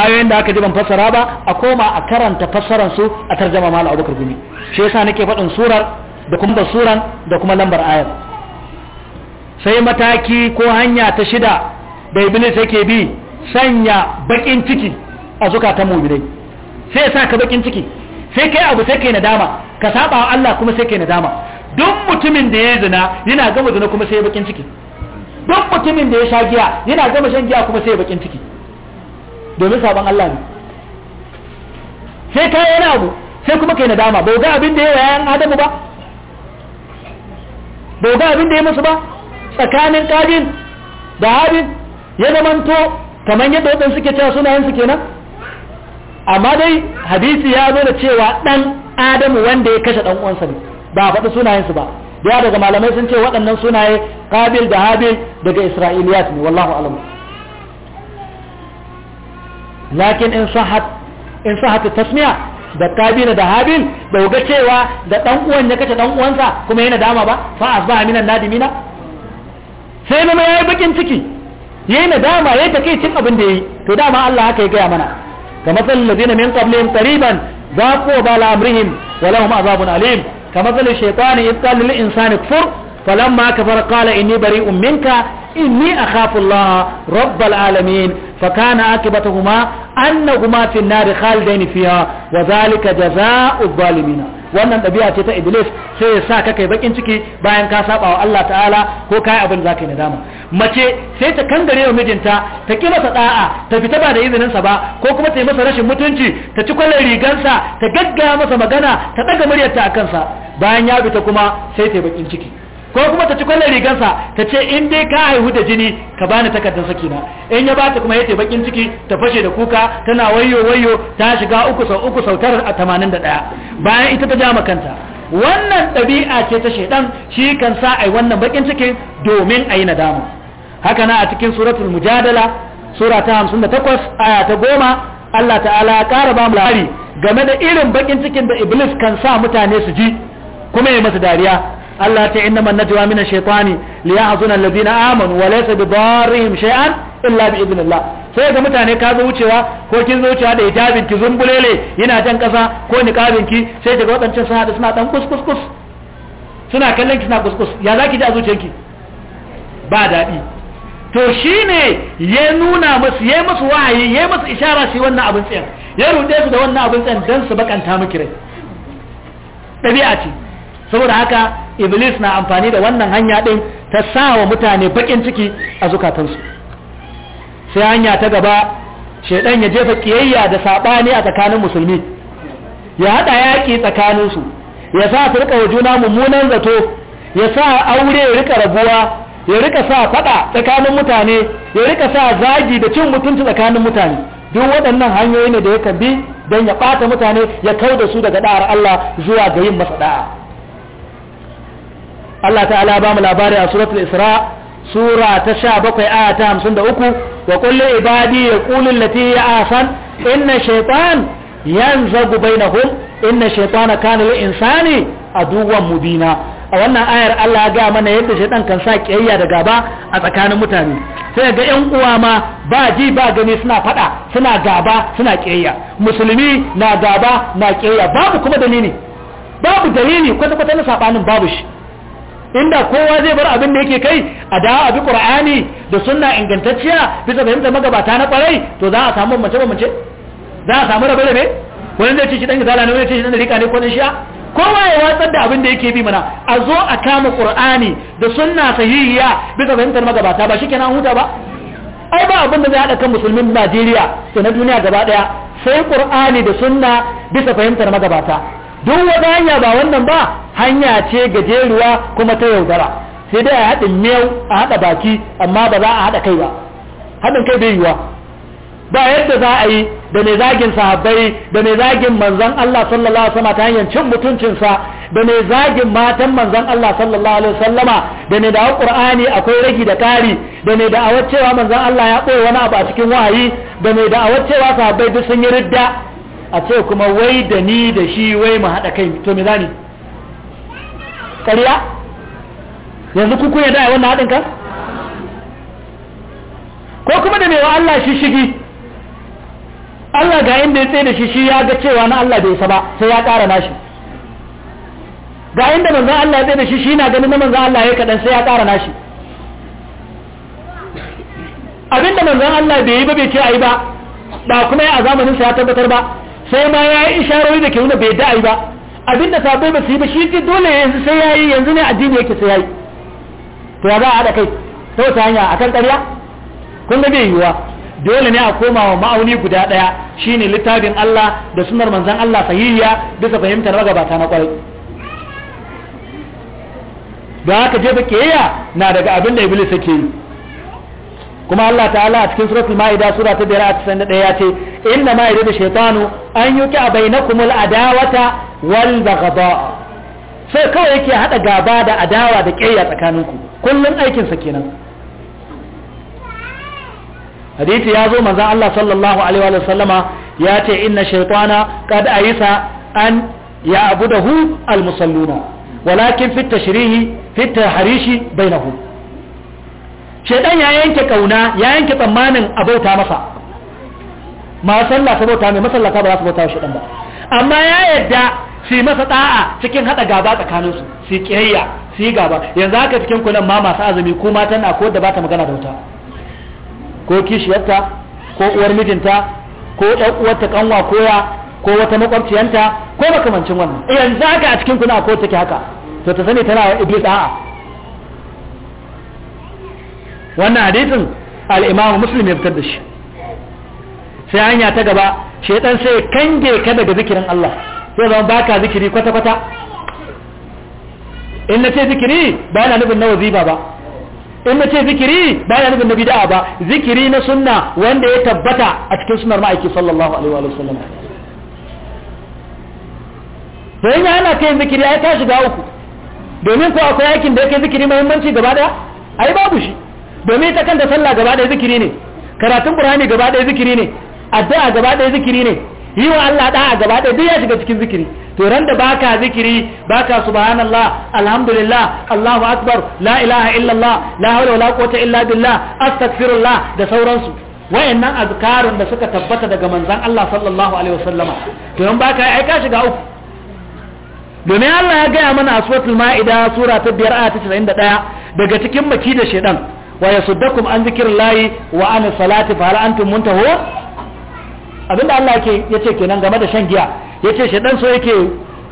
ayoyin da aka ji ban fassara ba a koma a karanta fassararsu a tarjama mal abubakar gumi shi yasa nake faɗin surar da kuma da suran da kuma lambar ayar sai mataki ko hanya ta shida da iblis yake bi sanya bakin ciki a zukatan mu'minai sai ya sa ka bakin ciki sai kai abu sai kai nadama ka saba wa Allah kuma sai kai nadama duk mutumin da ya zina yana gama zina kuma sai ya bakin ciki duk mutumin da ya sha giya yana gama shan giya kuma sai ya bakin ciki domin saban Allah ne sai kai yana abu sai kuma kai nadama bai ga abin da ya yan Adamu ba bai ga abin da ya musu ba tsakanin kadin da abin ya zamanto kamar yadda wadansu suke cewa sunayen su kenan amma dai hadisi ya zo da cewa dan adamu wanda ya kashe dan uwansa ne ba a faɗi sunayensu ba da daga malamai sun ce waɗannan sunaye qabil da habil daga isra'iliyat ne wallahu alam lakin in sahat in sahat tasmiya da qabil da habil da ga cewa da dan uwan ya kashe dan uwansa kuma yana dama ba fa asbaha minan nadimina sai na yi bakin ciki yayi nadama yayi take cin abin da yayi to dama Allah haka ya gaya mana كمثل الذين من قبلهم قريبا ذاقوا بال أمرهم ولهم عذاب أليم كمثل الشيطان إذ قال للإنسان كفر فلما كفر قال إني بريء منك إني أخاف الله رب العالمين فكان عاقبتهما أنهما في النار خالدين فيها وذلك جزاء الظالمين wannan ɗabi'a ce ta iblis sai ya sa ka kai bakin ciki bayan ka saba wa Allah ta'ala ko kai abin da zaka yi nadama mace sai ta kangare wa mijinta ta ki masa da'a ta fita ba da sa ba ko kuma ta yi masa rashin mutunci ta ci kwallon rigansa ta gaggaya masa magana ta daga muryarta a kansa bayan ya fita kuma sai ta yi bakin ciki ko kuma ta ci kwallon rigansa ta ce in dai ka haihu da jini ka bani takardar saki na. in ya bata kuma ya ce bakin ciki ta fashe da kuka tana wayo wayo ta shiga uku sau uku sau tara a tamanin da ɗaya bayan ita ta dama kanta wannan ɗabi'a ce ta shaidan shi kan sa a yi wannan bakin cikin domin a yi nadama haka na a cikin suratul mujadala sura ta 58 aya ta 10 Allah ta'ala ya kara ba mu labari game da irin bakin cikin da iblis kan sa mutane su ji kuma ya masa dariya Allah ta inna man najwa min ash-shaytani li ya'zuna alladhina amanu wa laysa bi darrihim shay'an illa bi idnillah sai ga mutane ka zo wucewa ko kin zo wucewa da hijabin ki zumbulele yana jan kasa ko ni niqabin ki sai daga wadancan sun hada suna dan kuskus kus suna kallon ki suna kuskus ya zaki ji a zuciyarki ba daɗi to shi ne ya nuna musu ya musu wahayi ya musu ishara shi wannan abin tsayan ya rude su da wannan abin tsayan dan su bakanta miki rai ɗabi'a ce saboda haka iblis na amfani da wannan hanya ɗin ta sa wa mutane bakin ciki a zukatansu sai hanya ta gaba shaidan ya jefa kiyayya da saɓani a tsakanin musulmi ya haɗa yaƙi tsakaninsu ya sa su riƙa wa juna mummunan zato ya sa aure rika rabuwa ya rika sa fada tsakanin mutane ya rika sa zagi da cin mutunci tsakanin mutane duk waɗannan hanyoyi ne da ya bi don ya ɓata mutane ya kau da su daga ɗa'ar Allah zuwa ga yin masa ɗa'a. Allah ta'ala ba mu labari a suratul Isra sura ta bakwai aya ta da wa qul li ibadi yaqulu ya asan. inna shaytan yanzagu bainahum inna shaytana kana lil insani aduwwan mubina a wannan ayar Allah ya ga mana yadda shaitan kan sa kiyayya da gaba a tsakanin mutane sai ga yan uwa ma ba ji ba gani suna fada suna gaba suna kiyayya musulmi na gaba na kiyayya babu kuma dalili babu dalili kwata kwata na sabanin babu shi inda kowa zai bar abin da yake kai a da abi qur'ani da sunna ingantacciya bisa fahimta magabata na kwarai to za a samu mace mace za a samu rabe rabe wani zai ci shi dan gizala ne wani zai ci shi dan rika ne ko dan shi'a kowa ya watsar da abin da yake bi mana a zo a kama qur'ani da sunna sahihiya bisa fahimtar magabata ba shikenan huta ba ai ba abin da zai hada kan musulmin Najeriya da na duniya gaba daya sai qur'ani da sunna bisa fahimtar magabata duk wata hanya ba wannan ba hanya ce gajeruwa kuma ta yaudara sai dai a haɗin miyau a haɗa baki amma ba za a haɗa kai ba haɗin kai bai yiwa ba yadda za a yi da mai zagin sahabbai da mai zagin manzan Allah sallallahu alaihi wasallam ta hanyar cin mutuncinsa da mai zagin matan manzan Allah sallallahu alaihi wasallama da mai da Qur'ani akwai ragi da kari da mai da cewa manzan Allah ya ɓoye wani abu a cikin wahayi da mai da cewa sahabbai duk sun yi ridda a ce kuma wai da ni da shi wai mu haɗa kai to me zani ƙarya yanzu kuku ya da wannan haɗin ka ko kuma da mai wa Allah shi shigi Allah ga inda ya tsaye da shi shi ya ga cewa na Allah bai isa ba sai ya ƙara nashi ga inda manzan Allah ya tsaye da shi shi na ganin na manzan Allah ya kaɗan sai ya ƙara nashi abinda manzan Allah bai yi ba bai ce a yi ba da kuma a zamanin sa ya tabbatar ba sai ma ya yi isharori da ke nuna bai da a yi ba abinda sabai ba su yi ba shi ke dole yanzu sai ya yi yanzu ne addini yake sai ya yi to ya za a haɗa kai ta wata hanya akan ƙarya kun ga bai yiwuwa dole ne a koma wa ma'auni guda ɗaya shine littafin Allah da sunar manzan Allah sahihiya bisa fahimtar magabata na kwarai da haka jefa kiyayya na daga abin da iblis yake yi kuma Allah ta'ala a cikin suratul ma'ida sura ta 591 ya ce inna ma yuridu shaytanu an yuqa bainakumul adawata wal baghda sai kawai yake hada gaba da adawa da kiyayya tsakaninku kullun aikin sa kenan hadisi ya zo manzon Allah sallallahu alaihi wa ya ce inna shaitana qad ayisa an hu al-musalluna walakin fi harishi bai na hu. shaytan ya yanke kauna ya yanke tsammanin abauta masa ma sallah mai masallata ba za su bauta shi dan ba amma ya yadda su masa ɗa'a cikin haɗa gaba tsakanin su su kiyayya su yi gaba yanzu haka cikin kullum ma masu azumi ko matan na ko da ba ta magana da wuta ko kishiyarta ko uwar mijinta ko ɗan uwarta kanwa koya ko wata makwabciyanta ko makamancin wannan yanzu haka a cikin kuna ko take haka to ta sani tana wa iblis a'a wannan hadisin al-imamu muslim ya fitar da shi sai hanya ta gaba shaitan sai kange ka daga zikirin Allah sai zama baka zikiri kwata-kwata in na ce zikiri ba yana nufin na waziba ba in na ce zikiri ba ya nufin na bida'a ba zikiri na sunna wanda ya tabbata a cikin sunar ma'aiki sallallahu alaihi wa sallam to yin ana kai zikiri ai ta shiga uku domin ko akwai aikin da yake zikiri muhimmanci gaba daya ai babu shi domin ta kanta sallah gaba daya zikiri ne karatun qur'ani gaba daya zikiri ne addu'a gaba daya zikiri ne yi wa Allah da'a gaba ɗaya duk ya shiga cikin zikiri to ran da baka zikiri baka subhanallah alhamdulillah Allahu akbar la ilaha illallah la hawla wala quwwata illa billah astaghfirullah da sauransu wayannan azkarun da suka tabbata daga manzon Allah sallallahu alaihi wasallama to ran baka ai ka shiga uku domin Allah ya gaya mana a suratul ma'ida sura ta 5 aya ta 91 daga cikin maki da shedan wa yasuddakum an zikrillahi wa an salati fa hal antum muntahun abinda Allah yake ce kenan game da shan giya ya ce shi dan so yake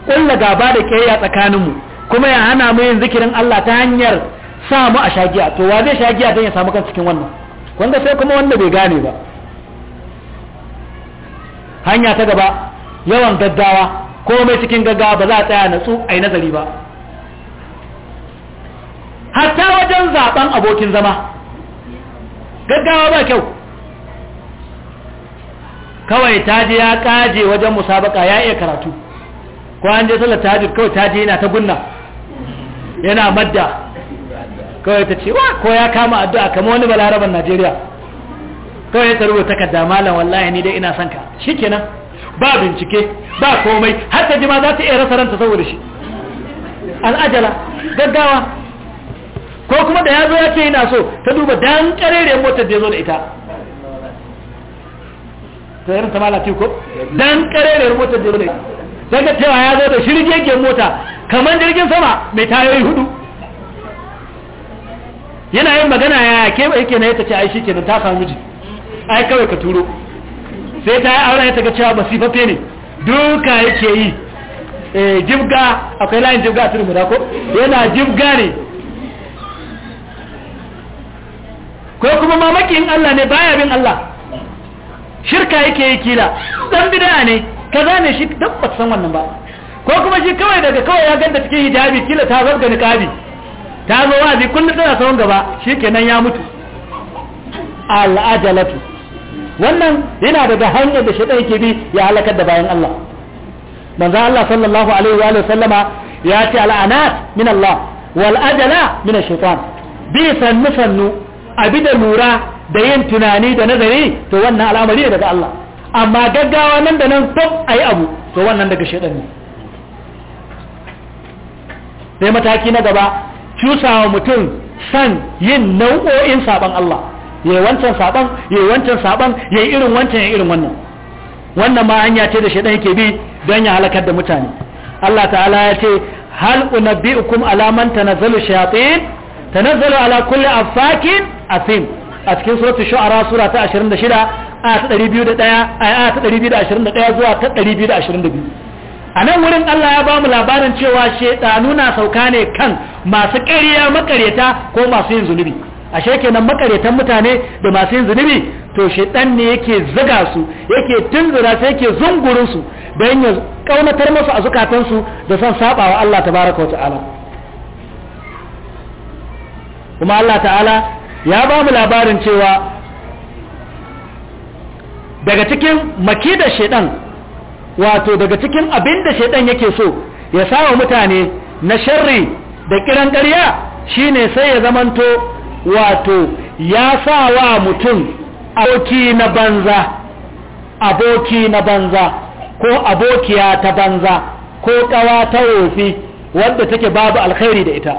ƙulla gaba da kiyaya tsakanin mu kuma ya hana mu yin zikirin Allah ta hanyar samu mu a giya to wa zai sha giya dan ya samu kan cikin wannan wanda sai kuma wanda bai gane ba hanya ta gaba yawan gaggawa komai cikin gaggawa ba za a tsaya natsu a yi nazari ba hatta wajen zaben abokin zama gaggawa ba kyau kawai ta ya kaje wajen musabaka ya iya karatu ko an je sallar tahajjud kawai ta yana ta gunna yana madda kawai ta ce wa ko ya kama addu'a kamar wani balaraban Najeriya kawai ya taruwa takarda malam wallahi ni dai ina son ka shikenan ba bincike ba komai har ta jima za ta iya rasa ranta saboda shi al'ajala gaggawa ko kuma da ya ya ce yana so ta duba dan karere motar da ya zo da ita sai irin tamala ko dan kare da rubuta jirgin sai ka cewa ya zo da shirgegen mota kamar jirgin sama mai tayoyi hudu yana yin magana ya ke yake na yata ce ai shi kenan ta samu miji ai kawai ka turo sai ta yi aure ya taga cewa ba masifaffe ne duka yake yi eh jibga akwai layin jibga a turin guda ko yana jibga ne ko kuma mamakin Allah ne baya bin Allah shirka yake yi kila dan bid'a ne kaza ne shi dan ba san wannan ba ko kuma shi kawai daga kawai ya ganda cikin hijabi kila ta ni kabi ta zo wazi kullum tana sauran gaba shikenan ya mutu ajalatu wannan yana daga hanyar da shaitan yake bi ya halakar da bayan Allah manzo Allah sallallahu alaihi wa sallama ya ce al'anat min Allah wal ajala min ash-shaytan bi sannu sannu bi da lura da yin tunani da nazari to wannan al'amari daga Allah amma gaggawa nan da nan a yi abu to wannan daga shaidan ne sai mataki na gaba cusawa mutum san yin nau'o'in saban Allah ya yi wancan ya yi wancan ya yi irin wancan yayi irin wannan wannan ma hanya ce da shaidan yake bi don ya halakar da mutane Allah ta'ala ya ce hal unabbi'ukum ala man tanazzalu shayatin tanazzalu ala kulli afakin asim a cikin suratul shu'ara sura ta 26 ayat 201 221 zuwa ta 222 a nan wurin Allah ya ba mu labarin cewa shedanu na sauka ne kan masu ƙarya makareta ko masu yin zunubi ashe kenan makaretan mutane da masu yin zunubi to shedan ne yake zuga su yake tunzura sai yake zungurin su don ya kaunatar musu a zukatansu da son sabawa Allah tabaraka wa ta'ala kuma Allah ta'ala ya ba mu labarin cewa daga cikin maki da shaidan wato daga cikin abin da shaidan yake so ya sawa mutane na sharri da kiran ƙarya shine sai ya zamanto wato ya sa wa mutum aboki na banza aboki na banza ko abokiya ta banza ko ƙawa ta wofi wadda take babu alkhairi da ita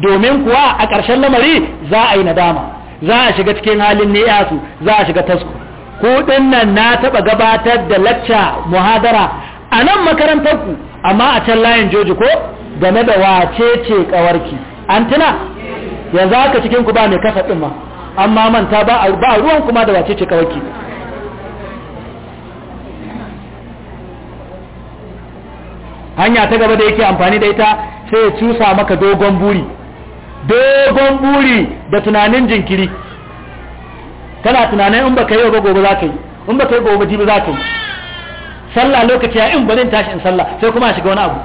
domin kuwa a ƙarshen lamari za a yi nadama za a shiga cikin halin ne za a shiga tasko ko nan na taɓa gabatar da lacca muhadara a nan makarantar amma a can layin joji ko game da wace ce ƙawarki an tuna yanzu haka cikin ku ba mai kasa ɗin ma amma manta ba a ruwan kuma da wace ce ƙawarki hanya ta gaba da yake amfani da ita sai ya cusa maka dogon buri dogon buri da tunanin jinkiri kana tunanin in baka yi ba gobe za ka yi in baka yi gobe jibi za ka yi sallah lokaci ya in bari in tashi in sallah sai kuma a shiga wani abu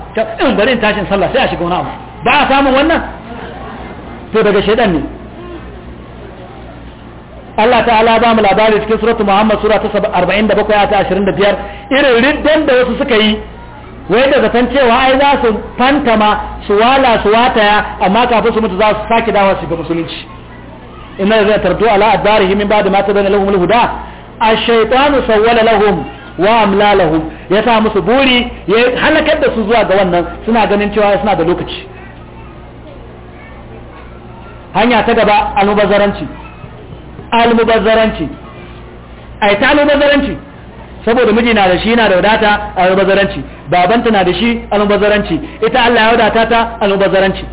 in bari in tashi in sallah sai a shiga wani abu ba a samun wannan to daga shaidan ne Allah ala ba mu labari cikin suratu Muhammad sura ta 47 da 25 irin riddan da wasu suka yi wai da zaton cewa ai za su fantama su wala su wataya amma kafin su mutu za su sake dawa su ga musulunci inna zai tardu ala adarihim min ba'd ma tabana lahum al-huda ash-shaytanu sawwala lahum wa amla lahum ya sa musu buri ya halakar da su zuwa ga wannan suna ganin cewa suna da lokaci hanya ta gaba almubazzaranci almubazzaranci ai ta almubazzaranci saboda miji na da shi yana da wadata a albazaranci babanta na da shi albazaranci ita Allah ya wadata ta albazaranci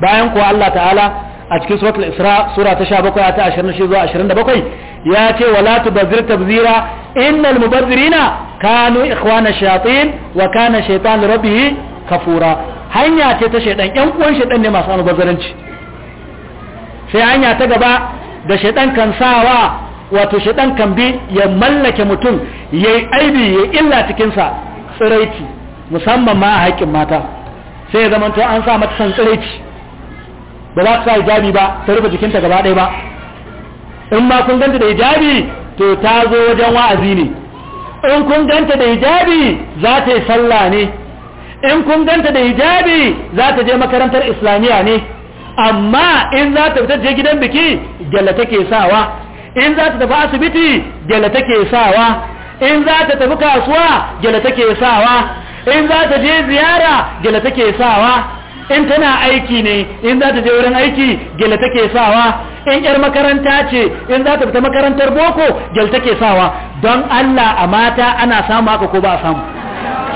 bayan kuwa Allah ta'ala a cikin suratul isra sura ta 17 ta 26 zuwa 27 ya ce wala tubazzir tabzira innal mubazzirina kanu ikhwana shayatin wa kana shaytan rabbihi kafura hanya ce ta shaydan yan uwan shaydan ne masu albazaranci sai hanya ta gaba da shaydan kan sawa wato shaɗan kan bi ya mallake mutum ya yi aibi ya illa cikinsa tsiraici musamman ma a haƙƙin mata sai ya zama an sa mata san tsiraici ba za ta sa hijabi ba ta rufe jikinta gaba ɗaya ba in ma kun ganta da hijabi to ta zo wajen wa'azi ne in kun ganta da hijabi za ta yi sallah ne in kun ganta da hijabi za ta je makarantar islamiyya ne amma in za ta fita je gidan biki gyalla take sawa in za ta tafi asibiti gyale take sawa in za ta tafi kasuwa gyale take sawa in za ta je ziyara gyale take sawa in tana aiki ne in za ta je wurin aiki gyale take sawa in yar makaranta ce in za ta fita makarantar boko gyale take sawa don Allah a mata ana samu haka ko ba a samu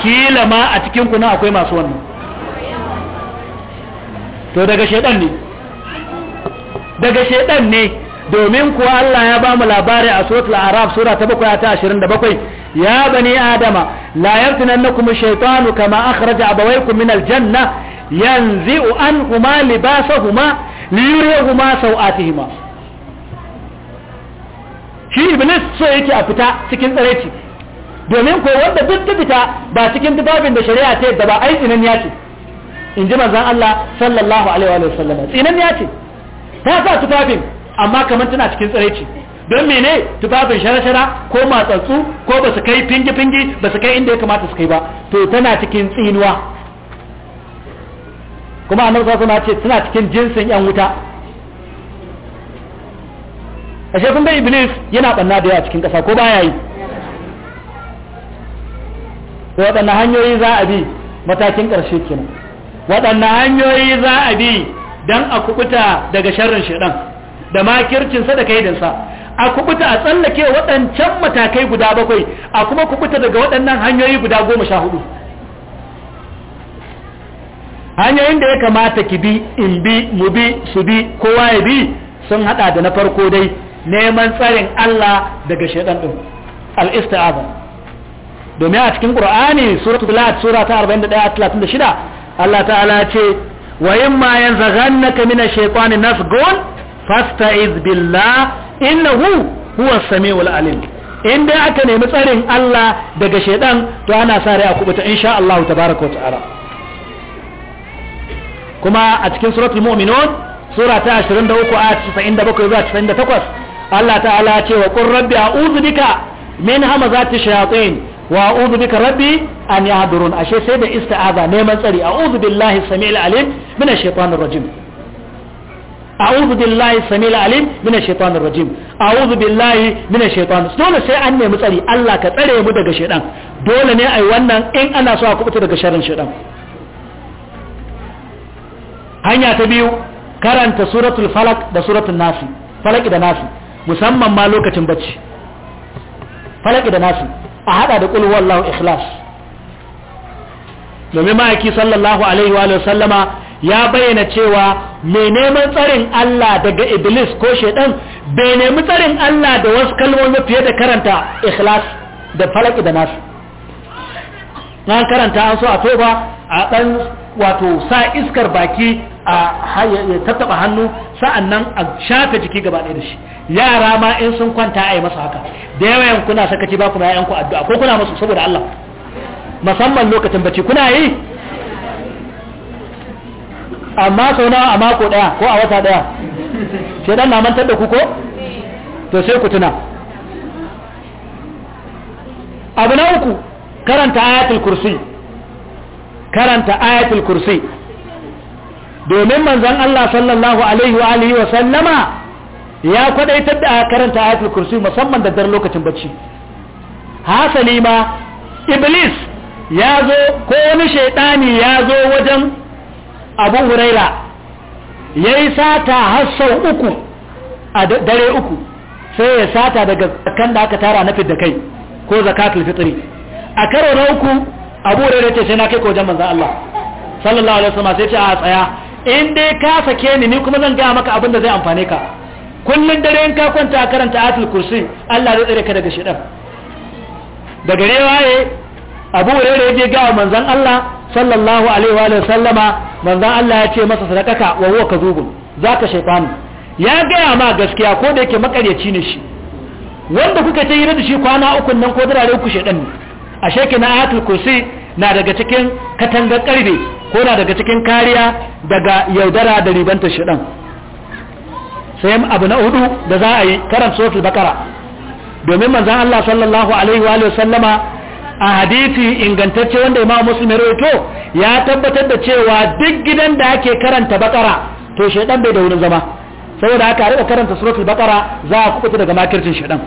kila ma a cikin kuna akwai masu wannan to daga shedan ne daga shedan ne domin kuwa Allah ya ba mu labari a suratul araf sura ta 7 ta bakwai ya bani adama la yartinannakum ash-shaytanu kama akhraja abawaykum min al-janna an anhuma libasahuma liyurihuma sawatihima shi iblis so yake a fita cikin tsareci domin ko wanda duk ta fita ba cikin tufafin da shari'a ce da ba ai tsinan ya ce in ji manzon Allah sallallahu alaihi wa sallam tsinan ya ce ta sa tufafin amma kamar tana cikin tsiraici don mene tufafin shara-shara ko matsatsu ko ba su kai fingi-fingi ba su kai inda ya kamata su kai ba to tana cikin tsinuwa kuma a sallallahu alaihi ce tana cikin jinsin yan wuta a shekun da iblis yana ɓanna da yawa cikin ƙasa ko ba ya yi waɗanne hanyoyi za a bi matakin ƙarshe kenan waɗanne hanyoyi za a bi don a kubuta daga sharrin shaidan da makircinsa da kaidinsa a kubuta a tsallake waɗancan matakai guda bakwai a kuma kubuta daga waɗannan hanyoyi guda goma sha hudu hanyoyin da ya kamata ki bi in bi mu bi su bi kowa ya bi sun hada da na farko dai neman tsarin Allah daga shaidan din al-isti'aza domin a cikin qur'ani suratul lat sura ta 41 36 Allah ta'ala ce wa imma yanzaghannaka minash shaitani nasgun fasta'iz billah innahu huwa samiul alim in dai aka nemi tsarin Allah daga shedan to ana sa rai a kubuta insha Allah tabaraka wa ta'ala kuma a cikin suratul mu'minun sura ta 23 aya 97 zuwa 98 Allah ta'ala ya ce wa qur rabbi a'udhu bika min hamazati shayatin wa a'udhu bika rabbi an yahdurun ashe sai da isti'aza neman tsari a'udhu billahi samil alim min ash-shaytanir rajim a'udhu billahi samil alim min ash-shaytanir rajim a'udhu billahi min ash-shaytan dole sai an nemi tsari Allah ka tsare mu daga shaytan dole ne yi wannan in ana so a kubuta daga sharrin shaytan hanya ta biyu karanta suratul falak da suratul nasi falaki da nasi musamman ma lokacin barci falaki da nasi a hada da qul huwallahu ikhlas domin ma'aiki sallallahu alaihi wa sallama ya bayyana cewa mai neman tsarin Allah daga iblis ko shedan bai nemi tsarin Allah da wasu kalmomi fiye da karanta ikhlas da falaki da nasu na karanta an so a toba a dan wato sa iskar baki a tattaba hannu sa'annan a shafe jiki gaba ɗaya da shi yara ma in sun kwanta a yi masa haka da yawa kuna sakaci ba kuma yayanku addu'a ko kuna masu saboda Allah musamman lokacin bacci kuna yi amma sau nawa a mako daya ko a wata daya shedan na mantar da ku ko to sai ku tuna abu na uku karanta ayatul kursi karanta ayatul kursi domin manzon Allah sallallahu alaihi wa alihi wa sallama ya kwadaitar da karanta ayatul kursi musamman da dar lokacin bacci hasali ma iblis ya zo ko wani shaidani ya zo wajen abu huraira ya yi sata har sau uku a dare uku sai ya sata daga kan da aka tara na fidda kai ko zakatul fitri a karo na uku abu huraira ce sai na kai kojan manzan Allah sallallahu alaihi wasallam sai ce a tsaya in dai ka sake ni ni kuma zan gaya maka abin da zai amfane ka kullun dare in ka kwanta karanta ayatul kursi Allah zai tsare ka daga shedan daga rewaye abu hurairah ya je ga manzon Allah sallallahu alaihi wa sallama manzon Allah ya ce masa sadakaka wa huwa kadhubun zaka shaytani ya gaya ma gaskiya ko da yake makaryaci ne shi wanda kuka ta hira da shi kwana uku nan ko dare uku shaytan ne ashe na ayatul kursi na daga cikin katangar karbe ko na daga cikin kariya daga yaudara da ribanta shaytan sai abu na hudu da za a yi karan suratul bakara domin manzon Allah sallallahu alaihi wa sallama a hadisi ingantacce wanda imam muslim ya rawaito ya tabbatar da cewa duk gidan da ake karanta bakara to shedan bai da wurin zama saboda aka karanta suratul bakara za a kubuta daga makircin shedan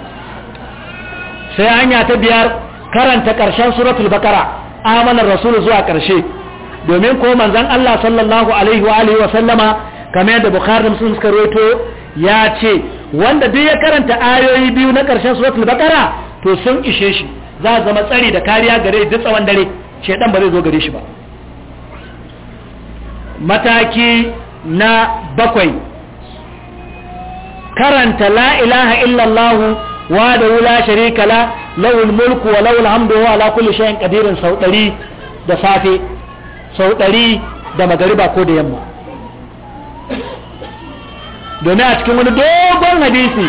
sai hanya ta biyar karanta karshen suratul bakara amanar rasul zuwa karshe domin ko manzon Allah sallallahu alaihi wa alihi wa sallama kamar yadda bukhari muslim suka rawaito ya ce wanda duk ya karanta ayoyi biyu na ƙarshen suratul bakara to sun ishe shi za a zama tsari da kariya gare duk tsawon dare shaidan ba zai zo gare shi ba mataki na bakwai karanta la ilaha illallah wa da wula sharika la lawul mulku wa lawul hamdu wa ala kulli shay'in qadirin sau dari da safe sau ɗari da magariba ko da yamma domin a cikin wani dogon hadisi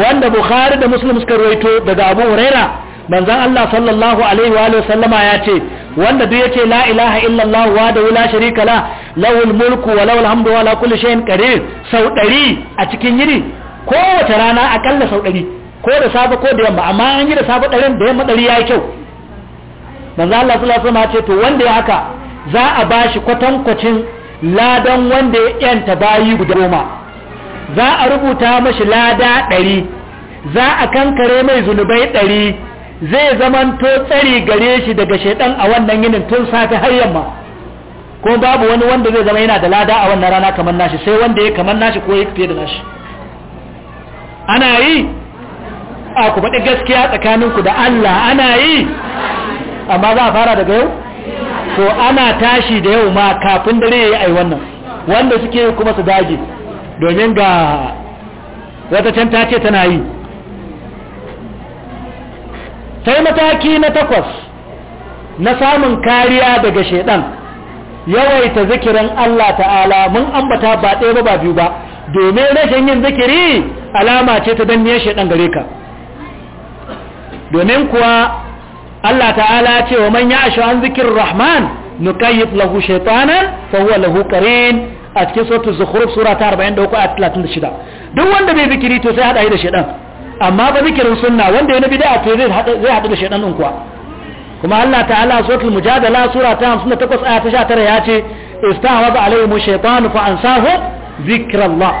wanda bukhari da muslim suka rawaito daga abu huraira manzan Allah sallallahu alaihi wa sallama ya ce wanda duk yace la ilaha illallah wa da la sharika la lahul mulku wa lahul hamdu wa la kulli shay'in qadir sau dari a cikin ko kowace rana akalla sau dari ko da safe ko da yamma amma an yi da safe ɗarin da yamma ɗari yayi kyau manzo Allah sallallahu alaihi wasallam ya ce to wanda ya haka za a bashi kwacin ladan wanda ya yanta bayi guda goma za a rubuta mashi lada ɗari za a kankare mai zunubai ɗari zai zamanto tsari gare shi daga shaidan a wannan yinin tun safe har yamma ko babu wani wanda zai zama yana da lada a wannan rana kamar nashi sai wanda ya kamar nashi ko ya fiye da nashi ana yi a ku faɗi gaskiya tsakaninku da Allah ana yi amma za a fara daga yau to ana tashi da yau ma kafin dare ya yi ai wannan wanda suke kuma su dage domin ga wata can ta ce tana yi Tai mataki na takwas na samun kariya daga shaidan yawaita zikirin Allah ta'ala mun ambata ba ɗaya ba ba biyu ba domin rashin yin zikiri alama ce ta danniyar shaidan gare ka domin kuwa Allah ta'ala ce wa man ya ashe an zikirin rahman nukayyif lahu shaitanan fahuwa lahu karin a cikin sautu zukhruf sura ta 43 a 36 duk wanda bai zikiri to sai haɗa yi da shaidan amma ba zikirin sunna wanda ya na bid'a to zai haɗu da shaydan din kuwa kuma Allah ta'ala suratul mujadala sura ta hamsin da takwas aya ta sha tara ya ce istahwaza alaihim shaytanu fa ansahu zikrallah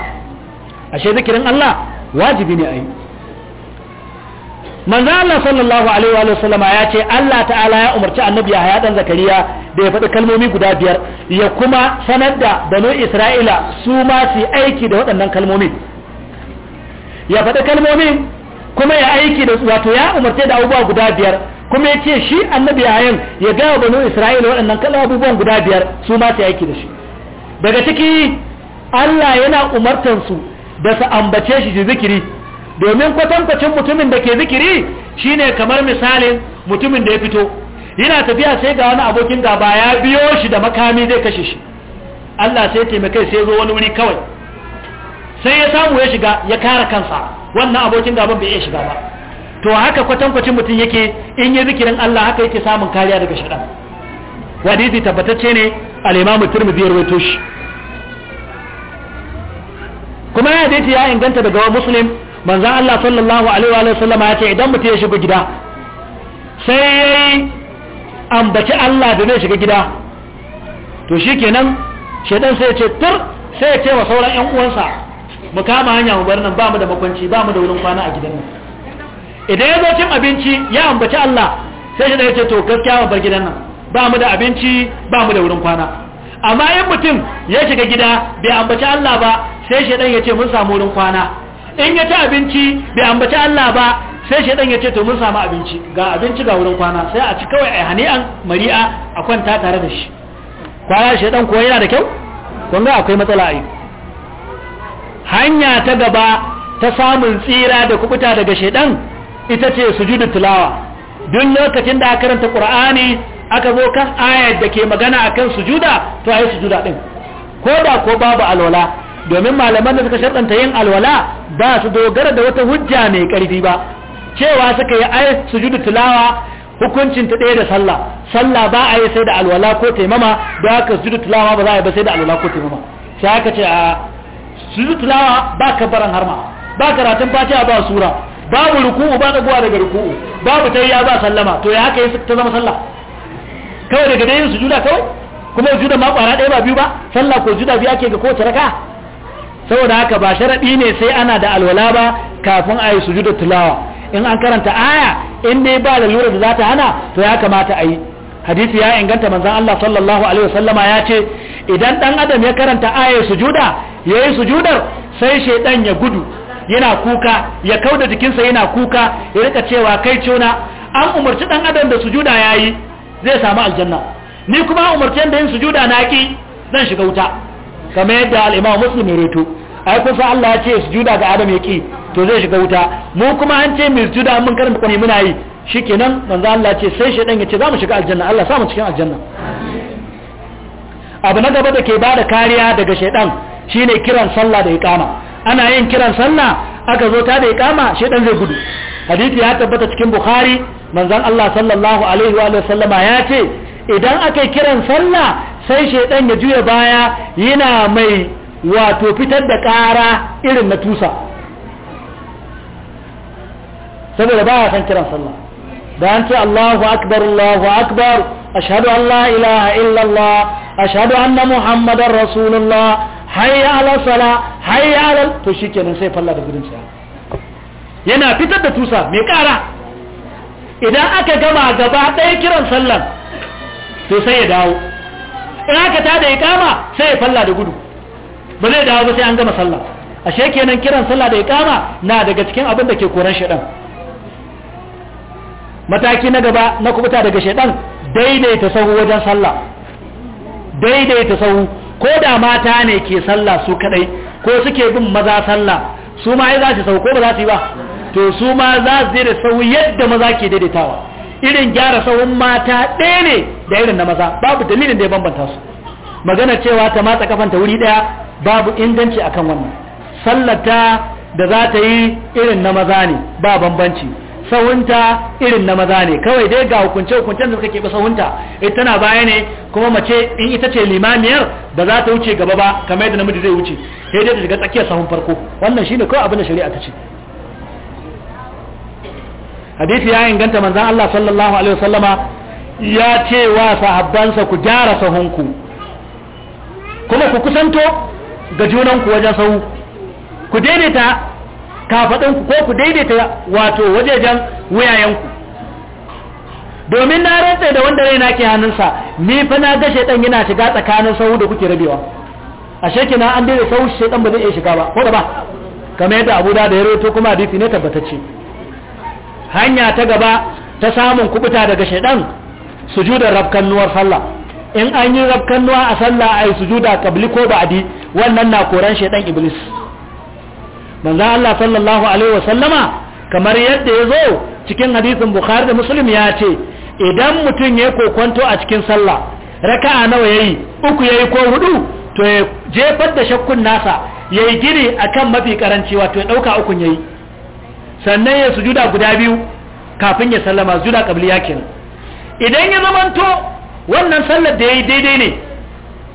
ashe zikirin Allah wajibi ne ayi manzo Allah sallallahu alaihi wa sallama ya ce Allah ta'ala ya umarci annabi ya hayadan zakariya da ya faɗi kalmomi guda biyar ya kuma sanar da banu isra'ila su ma su aiki da waɗannan kalmomin ya faɗi kalmomin kuma ya aiki da wato ya umarce da abubuwa guda biyar kuma ya ce shi annabi yin ya gaya wa banu isra'ila waɗannan kala abubuwan guda biyar su ma su aiki da shi daga ciki allah yana su da su ambace shi shi zikiri domin kwatankwacin mutumin da ke zikiri shine kamar misalin mutumin da ya fito yana tafiya sai ga wani abokin gaba ya biyo shi da makami zai kashe shi allah sai taimakai sai zo wani wuri kawai sai ya samu ya shiga ya kare kansa wannan abokin gaban bai iya shiga ba to haka kwatankwacin mutum yake in yi zikirin Allah haka yake samun kariya daga shaɗan wadidi tabbatacce ne al'imamu turmizi ya rawaito shi kuma ya ya inganta daga wa muslim manzon Allah sallallahu alaihi wa sallama ya ce idan mutum ya shiga gida sai ambaci Allah da zai shiga gida to shi kenan shaɗan sai ya ce tur sai ya ce wa sauran 'yan uwansa mu kama hanya mu bar nan ba mu da makwanci ba mu da wurin kwana a gidan nan idan ya zo cin abinci ya ambaci Allah sai shi da ya to gaskiya mu bar gidan nan ba mu da abinci ba mu da wurin kwana amma in mutum ya shiga gida bai ambaci Allah ba sai shi dan ya mun samu wurin kwana in ya ci abinci bai ambaci Allah ba sai shi dan ya to mun samu abinci ga abinci ga wurin kwana sai a ci kawai a hani'an mari'a a kwanta tare da shi kwana shi dan ko yana da kyau kun ga akwai matsala a yi hanya ta gaba ta samun tsira da kubuta daga shaidan ita ce sujudu tilawa duk lokacin da aka karanta qur'ani aka zo kan ayar da ke magana akan sujuda to ayi sujuda din ko da ko babu alwala domin malaman da suka sharɗanta yin alwala ba su dogara da wata hujja mai ƙarfi ba cewa suka yi ayar sujudu tilawa hukuncin ta ɗaya da sallah sallah ba a yi sai da alwala ko taimama da haka sujudu tilawa ba za a yi ba sai da alwala ko taimama sai aka ce a su yi tilawa ba ka baran harma ba karatun fatiha ba sura babu ruku'u ba guwa daga ruku'u babu ya ba sallama to ya haka yi ta zama sallah kawai daga dai su juda kawai kuma juda ma kwara ɗaya ba biyu ba sallah ko juda biyu ake ga kowace raka saboda haka ba sharaɗi ne sai ana da alwala ba kafin a yi sujudu tilawa in an karanta aya in dai ba lalura da za ta hana to ya kamata a yi hadisi ya inganta manzan Allah sallallahu alaihi wasallama ya ce idan ɗan adam ya karanta aya sujuda ya yi sujudar sai shaidan ya gudu yana kuka ya kauda jikinsa yana kuka ya rika cewa kai cuna an umarci dan adam da sujuda ya yi zai samu aljanna ni kuma umarci yadda yin sujuda na ki zan shiga wuta kamar yadda al'imam muslim ya reto ai kun Allah ya ce sujuda ga adam ya ki to zai shiga wuta mu kuma an ce mu sujuda mun karanta kuma muna yi shikenan manzo Allah ce sai shedan ya ce za mu shiga aljanna Allah sa mu cikin aljanna abu na gaba da ke bada kariya daga shedan shine kiran sallah da iqama ana yin kiran sallah aka zo ta da iqama shedan zai gudu hadisi ya tabbata cikin bukhari manzon Allah sallallahu alaihi wa sallama ya ce idan aka kiran sallah sai shedan ya juya baya yana mai wato fitar da ƙara irin na tusa saboda baya san kiran sallah da an ce Allahu akbar Allahu akbar ashadu an la ilaha illallah ashhadu anna muhammadar rasulullah hayya ala sala hayya ala to shikenan sai falla da gudun sa yana fitar da tusa mai kara idan aka gama gaba ɗaya kiran sallan to sai ya dawo in aka ta da ikama sai ya falla da gudu ba zai dawo ba sai an gama sallah ashe kenan kiran sallah da ikama na daga cikin abin da ke koran shaidan mataki na gaba na kubuta daga shaidan daidaita sahu wajen sallah daidaita sahu ko da mata ne ke sallah su kadai ko suke bin maza sallah su ma ai za su sauko ba za su yi ba to su ma za su da sau yadda maza ke daidaitawa irin gyara sauhun mata ɗaya ne da irin na maza babu dalilin da ya bambanta su magana cewa ta matsa kafanta wuri ɗaya babu inganci akan wannan sallar ta da za ta yi irin na maza ne ba bambanci sahunta irin na maza ne kawai dai ga hukunce hukuncen da suka keɓe sahunta ita eh, tana baya ne kuma mace in ita ce limamiyar ba za ta wuce gaba ba kamar yadda namiji zai wuce sai dai ta shiga tsakiyar sahun farko wannan shine kawai abin da shari'a ta ce hadisi ya inganta manzan Allah sallallahu alaihi wasallama ya ce wa sahabbansa ku gyara sahunku kuma ku kusanto ga junanku wajen sahu ku daidaita ku ko ku daidaita wato wajejen wuyayenku domin na rantsa da wanda raina ke hannunsa ni fa na ga dan yana shiga tsakanin sahu da kuke rabewa ashe kina an daina sahu dan ba zai iya shiga ba ko da ba kamar yadda Abu da ya rawaito kuma hadisi ne tabbatacce hanya ta gaba ta samun kubuta daga shaidan sujudar rabkannuwar sallah in an yi rabkannuwa a sallah ai sujuda kabli ko ba'adi wannan na koran shaidan iblis manzo Allah sallallahu alaihi wa sallama kamar yadda ya zo cikin hadisin bukhari da muslim ya ce idan mutum ya kokonto a cikin sallah raka'a nawa yayi uku yayi ko hudu to ya jefar da shakkun nasa yayi gire akan mafi karanci wato ya dauka ukun yayi sannan ya sujuda guda biyu kafin ya sallama sujuda qabliya kenan idan ya zamanto wannan sallar da yayi daidai ne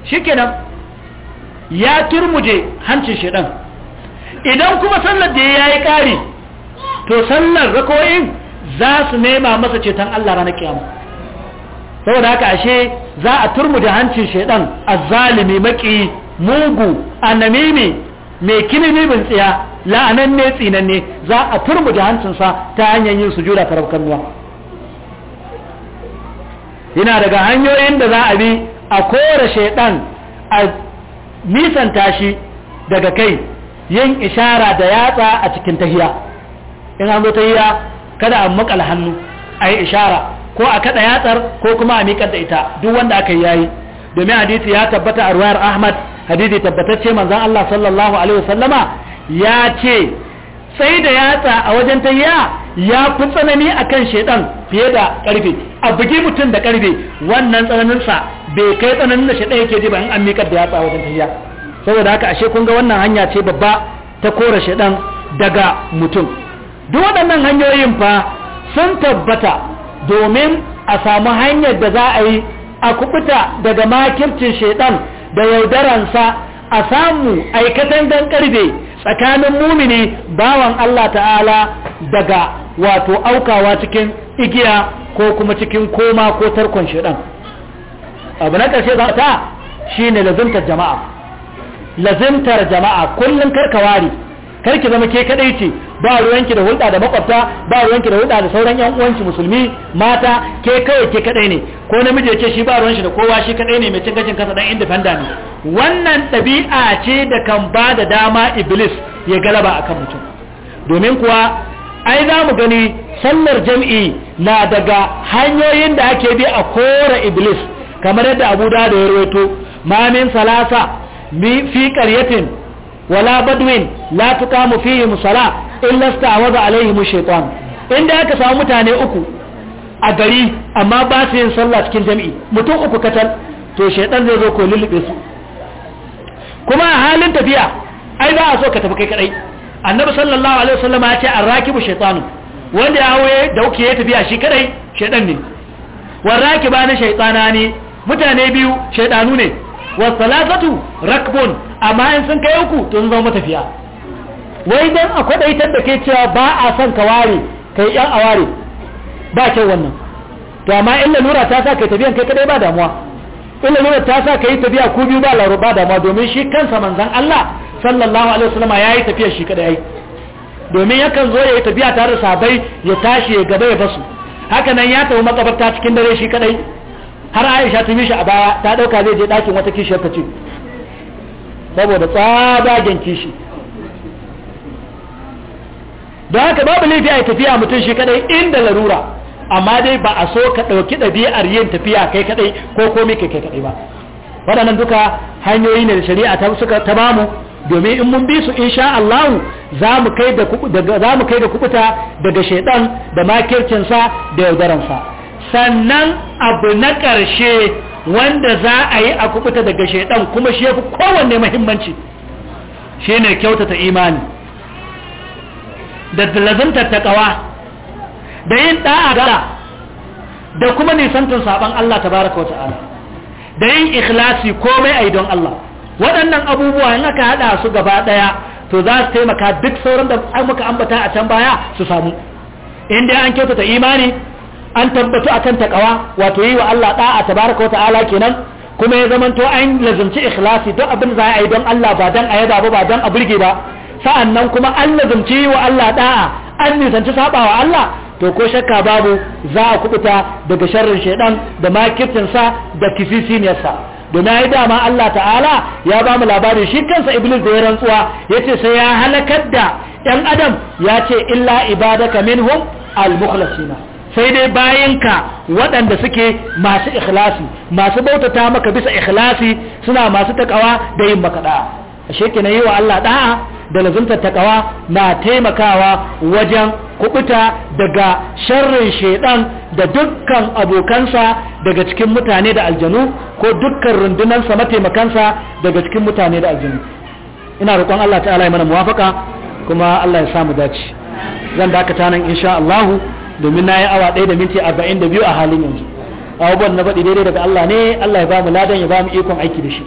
shikenan ya turmuje hancin shedan idan kuma sallar da ya yi ƙari to sallar rakoyin za su nema masa ceton Allah ranar kiyama saboda haka ashe za a turmu da hancin shaidan azzalimi maki mugu annamimi mai kinimi bin tsiya tsinan ne za a turmu da hancinsa ta hanyar yin sujuda ta ruwa yana daga hanyoyin da za a bi a kore shaidan a nisan tashi daga kai yin ishara da yatsa a cikin tahiya in an zo tahiya kada a makal hannu a yi ishara ko a kada yatsar ko kuma a miƙar da ita duk wanda aka yi yayi domin hadisi ya tabbata a ruwayar ahmad hadisi tabbatacce manzan Allah sallallahu alaihi wasallama ya ce sai da yatsa a wajen tahiya ya fi tsanani akan shedan fiye da karfe a bugi mutum da karfe wannan tsananinsa bai kai tsananin da shedan yake ji ba in an miƙar da yatsa a wajen tahiya saboda haka ashe kun ga wannan hanya ce babba ta kora shaɗan daga mutum duk waɗannan hanyoyin fa sun tabbata domin a samu hanyar da za a yi a kubuta daga makircin shaidan da yaudaransa a samu aikatan dan karbe tsakanin mumini bawan Allah ta'ala daga wato aukawa cikin igiya ko kuma cikin koma ko tarkon shaidan abu na ƙarshe za ta shi ne lazimtar jama'a lazimtar jama'a kullum karka wari karki zama ke kadai ce ba ruwanki da hulɗa da makwabta ba ruwanki da hulɗa da sauran yan uwanki musulmi mata ke kawai ke kadai ne ko namiji ya ce shi ba ruwanshi da kowa shi kadai ne mai cin gashin kansa dan independent ne wannan ɗabi'a ce da kan ba da dama iblis ya galaba akan mutum domin kuwa ai za mu gani sallar jam'i na daga hanyoyin da ake bi a kora iblis kamar yadda abu da ya rawaito ma salasa fi qaryatin wala badwin la tuqamu fihim sala illa sta'awada alaihim shaytan inda aka samu mutane uku a gari amma ba su yin sallah cikin jami'i mutum uku katal to shaytan zai zo ko lulube su kuma a halin tafiya ai ba a so ka tafi kai kadai annabi sallallahu alaihi wasallam ya ce arrakibu shaytanu wanda ya hawaye dauke ya tafiya shi kadai shaytan ne warraki ba na shaytana ne mutane biyu shaydanu ne wa salasatu rakbun amma in sun kai uku to sun zama tafiya. wai dan a dai da ke cewa ba a son ka ware kai yan aware ba kyau wannan to amma in nura ta sa kai tafiyan kai kadai ba damuwa in nura ta sa kai tafiya ku biyu ba laru ba damuwa domin shi kansa manzon Allah sallallahu alaihi wasallam yayi tafiya shi kadai domin yakan zo yayi tafiya tare da sahabbai ya tashi ya gaba ya basu haka nan ya tafi makabarta cikin dare shi kadai har aisha ta shi a baya ta dauka zai je dakin wata kishiyar ta ce saboda tsabagen kishi don haka babu laifi a tafiya mutum shi kadai inda larura amma dai ba a so ka ɗauki ɗabi'ar yin tafiya kai kadai ko komi kai kadai ba waɗannan duka hanyoyi ne da shari'a ta suka ta bamu domin in mun bi su insha Allah za mu kai da kubuta daga shaidan da sa da yaudaransa sannan abu na ƙarshe wanda za a yi a kubuta daga shaidan kuma shi yafi kowanne muhimmanci ne kyautata imani da lazantar ƙawa da yin da'a da kuma nisantar saban Allah ta baraka wa ta'ala da yin ikhlasi komai a don Allah waɗannan abubuwa in aka haɗa su gaba ɗaya to za su taimaka duk sauran da muka ambata a can baya su samu in dai an kyautata imani an tabbatu akan takawa wato yi wa Allah da'a tabaraka ta'ala kenan kuma ya zamanto an lazumci ikhlasi duk abin za a yi don Allah ba dan a yaba ba ba dan a burge ba sa'annan kuma an lazumci yi wa Allah da'a an nisanci sabawa Allah to ko shakka babu za a kubuta daga sharrin shaidan da makircinsa da kisisiniyarsa domin ya dama Allah ta'ala ya ba mu labarin shi kansa iblis da ya rantsuwa ya ce sai ya halakar da 'yan adam ya ce illa ibadaka minhum al-mukhlasina sai dai bayanka waɗanda suke masu ikhlasi masu bautata maka bisa ikhlasi suna masu takawa da yin maka da'a ashe yi wa Allah da'a da lazumtar takawa na taimakawa wajen kubuta daga sharrin shedan da dukkan abokansa daga cikin mutane da aljanu ko dukkan rundunansa mataimakansa daga cikin mutane da aljanu ina roƙon Allah ta'ala ya mana muwafaka kuma Allah ya samu dace zan dakata nan insha Allah domin na yi awa ɗaya da minti arba'in da biyu a halin yanzu abubuwan na baɗi daidai daga Allah ne Allah ya bamu ladan ya bamu ikon aiki da shi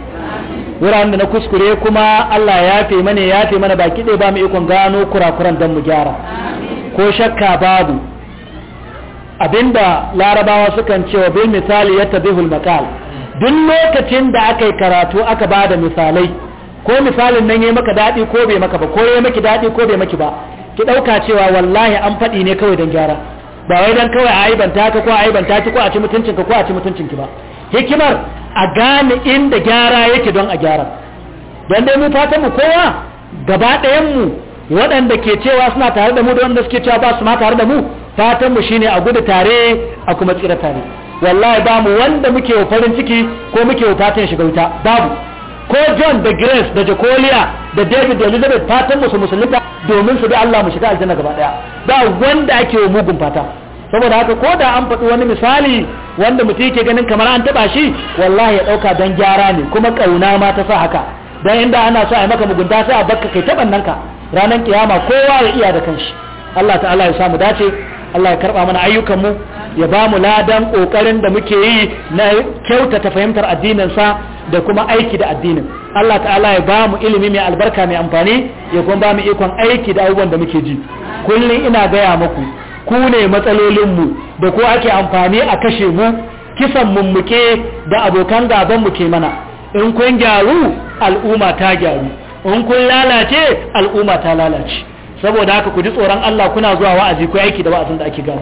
wuraren da na kuskure kuma Allah ya fe mana ya fe mana baki ɗaya bamu ikon gano kurakuran don mu gyara ko shakka babu abinda larabawa sukan cewa bil misali ya tabihul maqal duk lokacin da aka yi karatu aka ba da misalai ko misalin nan ya maka daɗi ko bai maka ba ko ya maki daɗi ko bai maki ba ki ɗauka cewa wallahi an faɗi ne kawai don gyara ba wai dan kawai a aibanta ka ko a aibanta ki ko a ci mutuncin ka ko a ci mutuncin ki ba hikimar a gane inda gyara yake don a gyara don dai mu fata mu kowa gaba ɗayan mu waɗanda ke cewa suna tare da mu da wanda suke cewa ba su ma tare da mu fatan mu shine a gudu tare a kuma tsira tare wallahi ba mu wanda muke farin ciki ko muke fatan shiga wuta babu ko John da Grace da Jacoliya da David da Elizabeth fatan musu musulunta domin su bi Allah mu shiga aljanna gaba daya ba wanda ake wa mugun fata saboda haka ko da an faɗi wani misali wanda mutum yake ganin kamar an taɓa shi wallahi ya ɗauka don gyara ne kuma ƙauna ma ta sa haka don inda ana so a yi maka mugunta sai a bakka kai taɓan nan ka ranar kiyama kowa ya iya da kanshi Allah ta'ala ya samu dace Allah ya karba mana ayyukanmu ya ba mu ladan kokarin da muke yi na kyautata fahimtar addininsa da kuma aiki da addinin Allah ta'ala ya ba mu ilimi mai albarka mai amfani ya kuma ba mu ikon aiki da abubuwan da muke ji kullum ina gaya muku ku ne matsalolinmu da ko ake amfani a kashe mu kisan mummuke da abokan gaban mu ke mana in kun gyaru al'umma ta gyaru in kun lalace al'umma ta lalace saboda haka ku ji tsoron Allah kuna zuwa wa'azi ku aiki da wa'azin da ake gano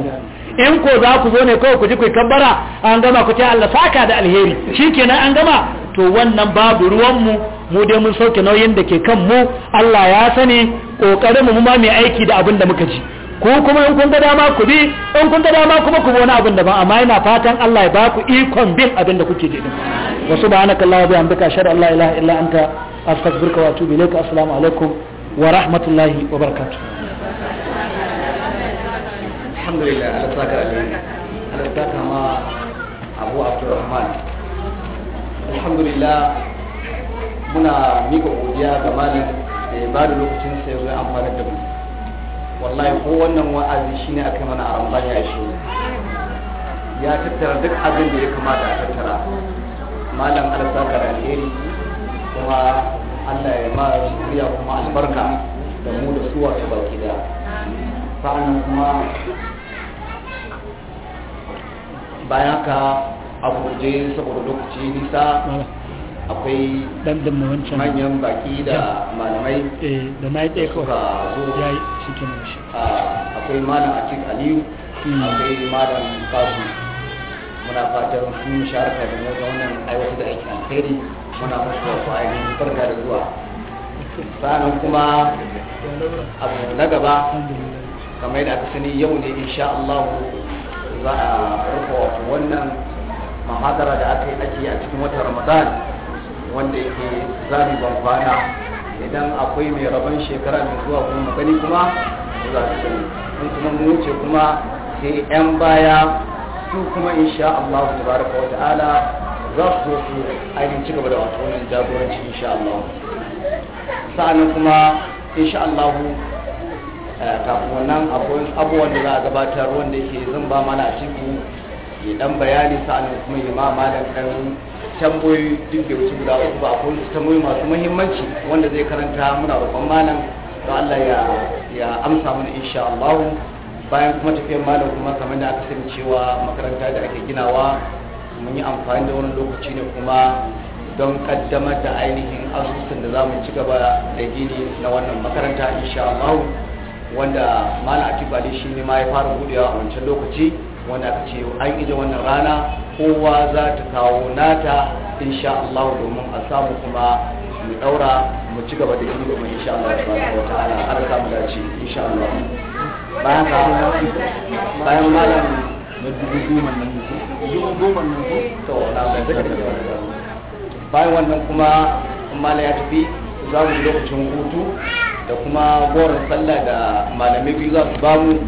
in ko za ku zo ne kawai ku ji ku kabbara an gama ku ce Allah saka da alheri shikenan an gama to wannan babu ruwan mu mu dai mun sauke nauyin da ke kan mu Allah ya sani kokarin mu ma mai aiki da abin da muka ji ko kuma in kun ga dama ku bi in kun ga dama kuma ku wani abin da ba amma ina fatan Allah ya baku ikon bin abin da kuke ji din wa subhanakallahumma wa bihamdika ashhadu an la ilaha illa anta astaghfiruka wa atubu ilaik assalamu alaikum wa rahmatullahi wa mika godiya ga da bada lokacin sa ya wallahi ko wannan wa'azi shine aka mana a ramadan ya shi ya tattara duk abin da ya kamata a tattara malam alheri kuma Allah ya ma zuriya kuma albarka da mu da suwa ta baki da sa'annan kuma bayan ka abuje saboda lokaci nisa akwai manyan baki da malamai eh, da na yi ɗaya kawai ya yi shi ke ah, mashi akwai malam akik aliyu hmm. akwai malam kasu muna fatan sun sharka da wannan aiwatar da aikin alheri muna musu wasu ainihin barka da zuwa sa'anan kuma abu na gaba kamar yadda aka sani yau ne insha Allah za a rufe wannan mahadara da aka yi ake a cikin wata ramadan wanda yake zabi bambana idan akwai mai rabon shekara mai zuwa kuma magani kuma za su sani in kuma mun wuce kuma sai 'yan baya su kuma insha Allah tabaraka wa ta'ala za su zo su ainihin ci gaba da wato wannan jagoranci insha Allah sa'annan kuma insha Allah eh, kafin wannan akwai abubuwan da za a gabatar wanda yake zan ba mana a ciki ya dan bayani sa'annan kuma ya ma da kan tambayoyi duk da wuce guda uku ba akwai wasu tambayoyi masu muhimmanci wanda zai karanta muna roƙon malam to Allah ya ya amsa mana insha Allah bayan kuma tafiyar malam kuma kamar da aka sani cewa makaranta da ake ginawa mun yi amfani da wani lokaci ne kuma don kaddamar da ainihin asusun da za mu ci gaba da gini na wannan makaranta insha Allah wanda malam atibali shi ne ma ya fara budewa a wancan lokaci wanda aka ce an ije wannan rana kowa za ta kawo nata insha Allah domin a samu kuma mu daura mu ci gaba da gini domin insha Allah subhanahu wataala har samu dace insha Allah bayan bayan malam na dubu wannan kuma mala ya tafi za mu lokacin hutu da kuma goron sallah da malamai biyu za su bamu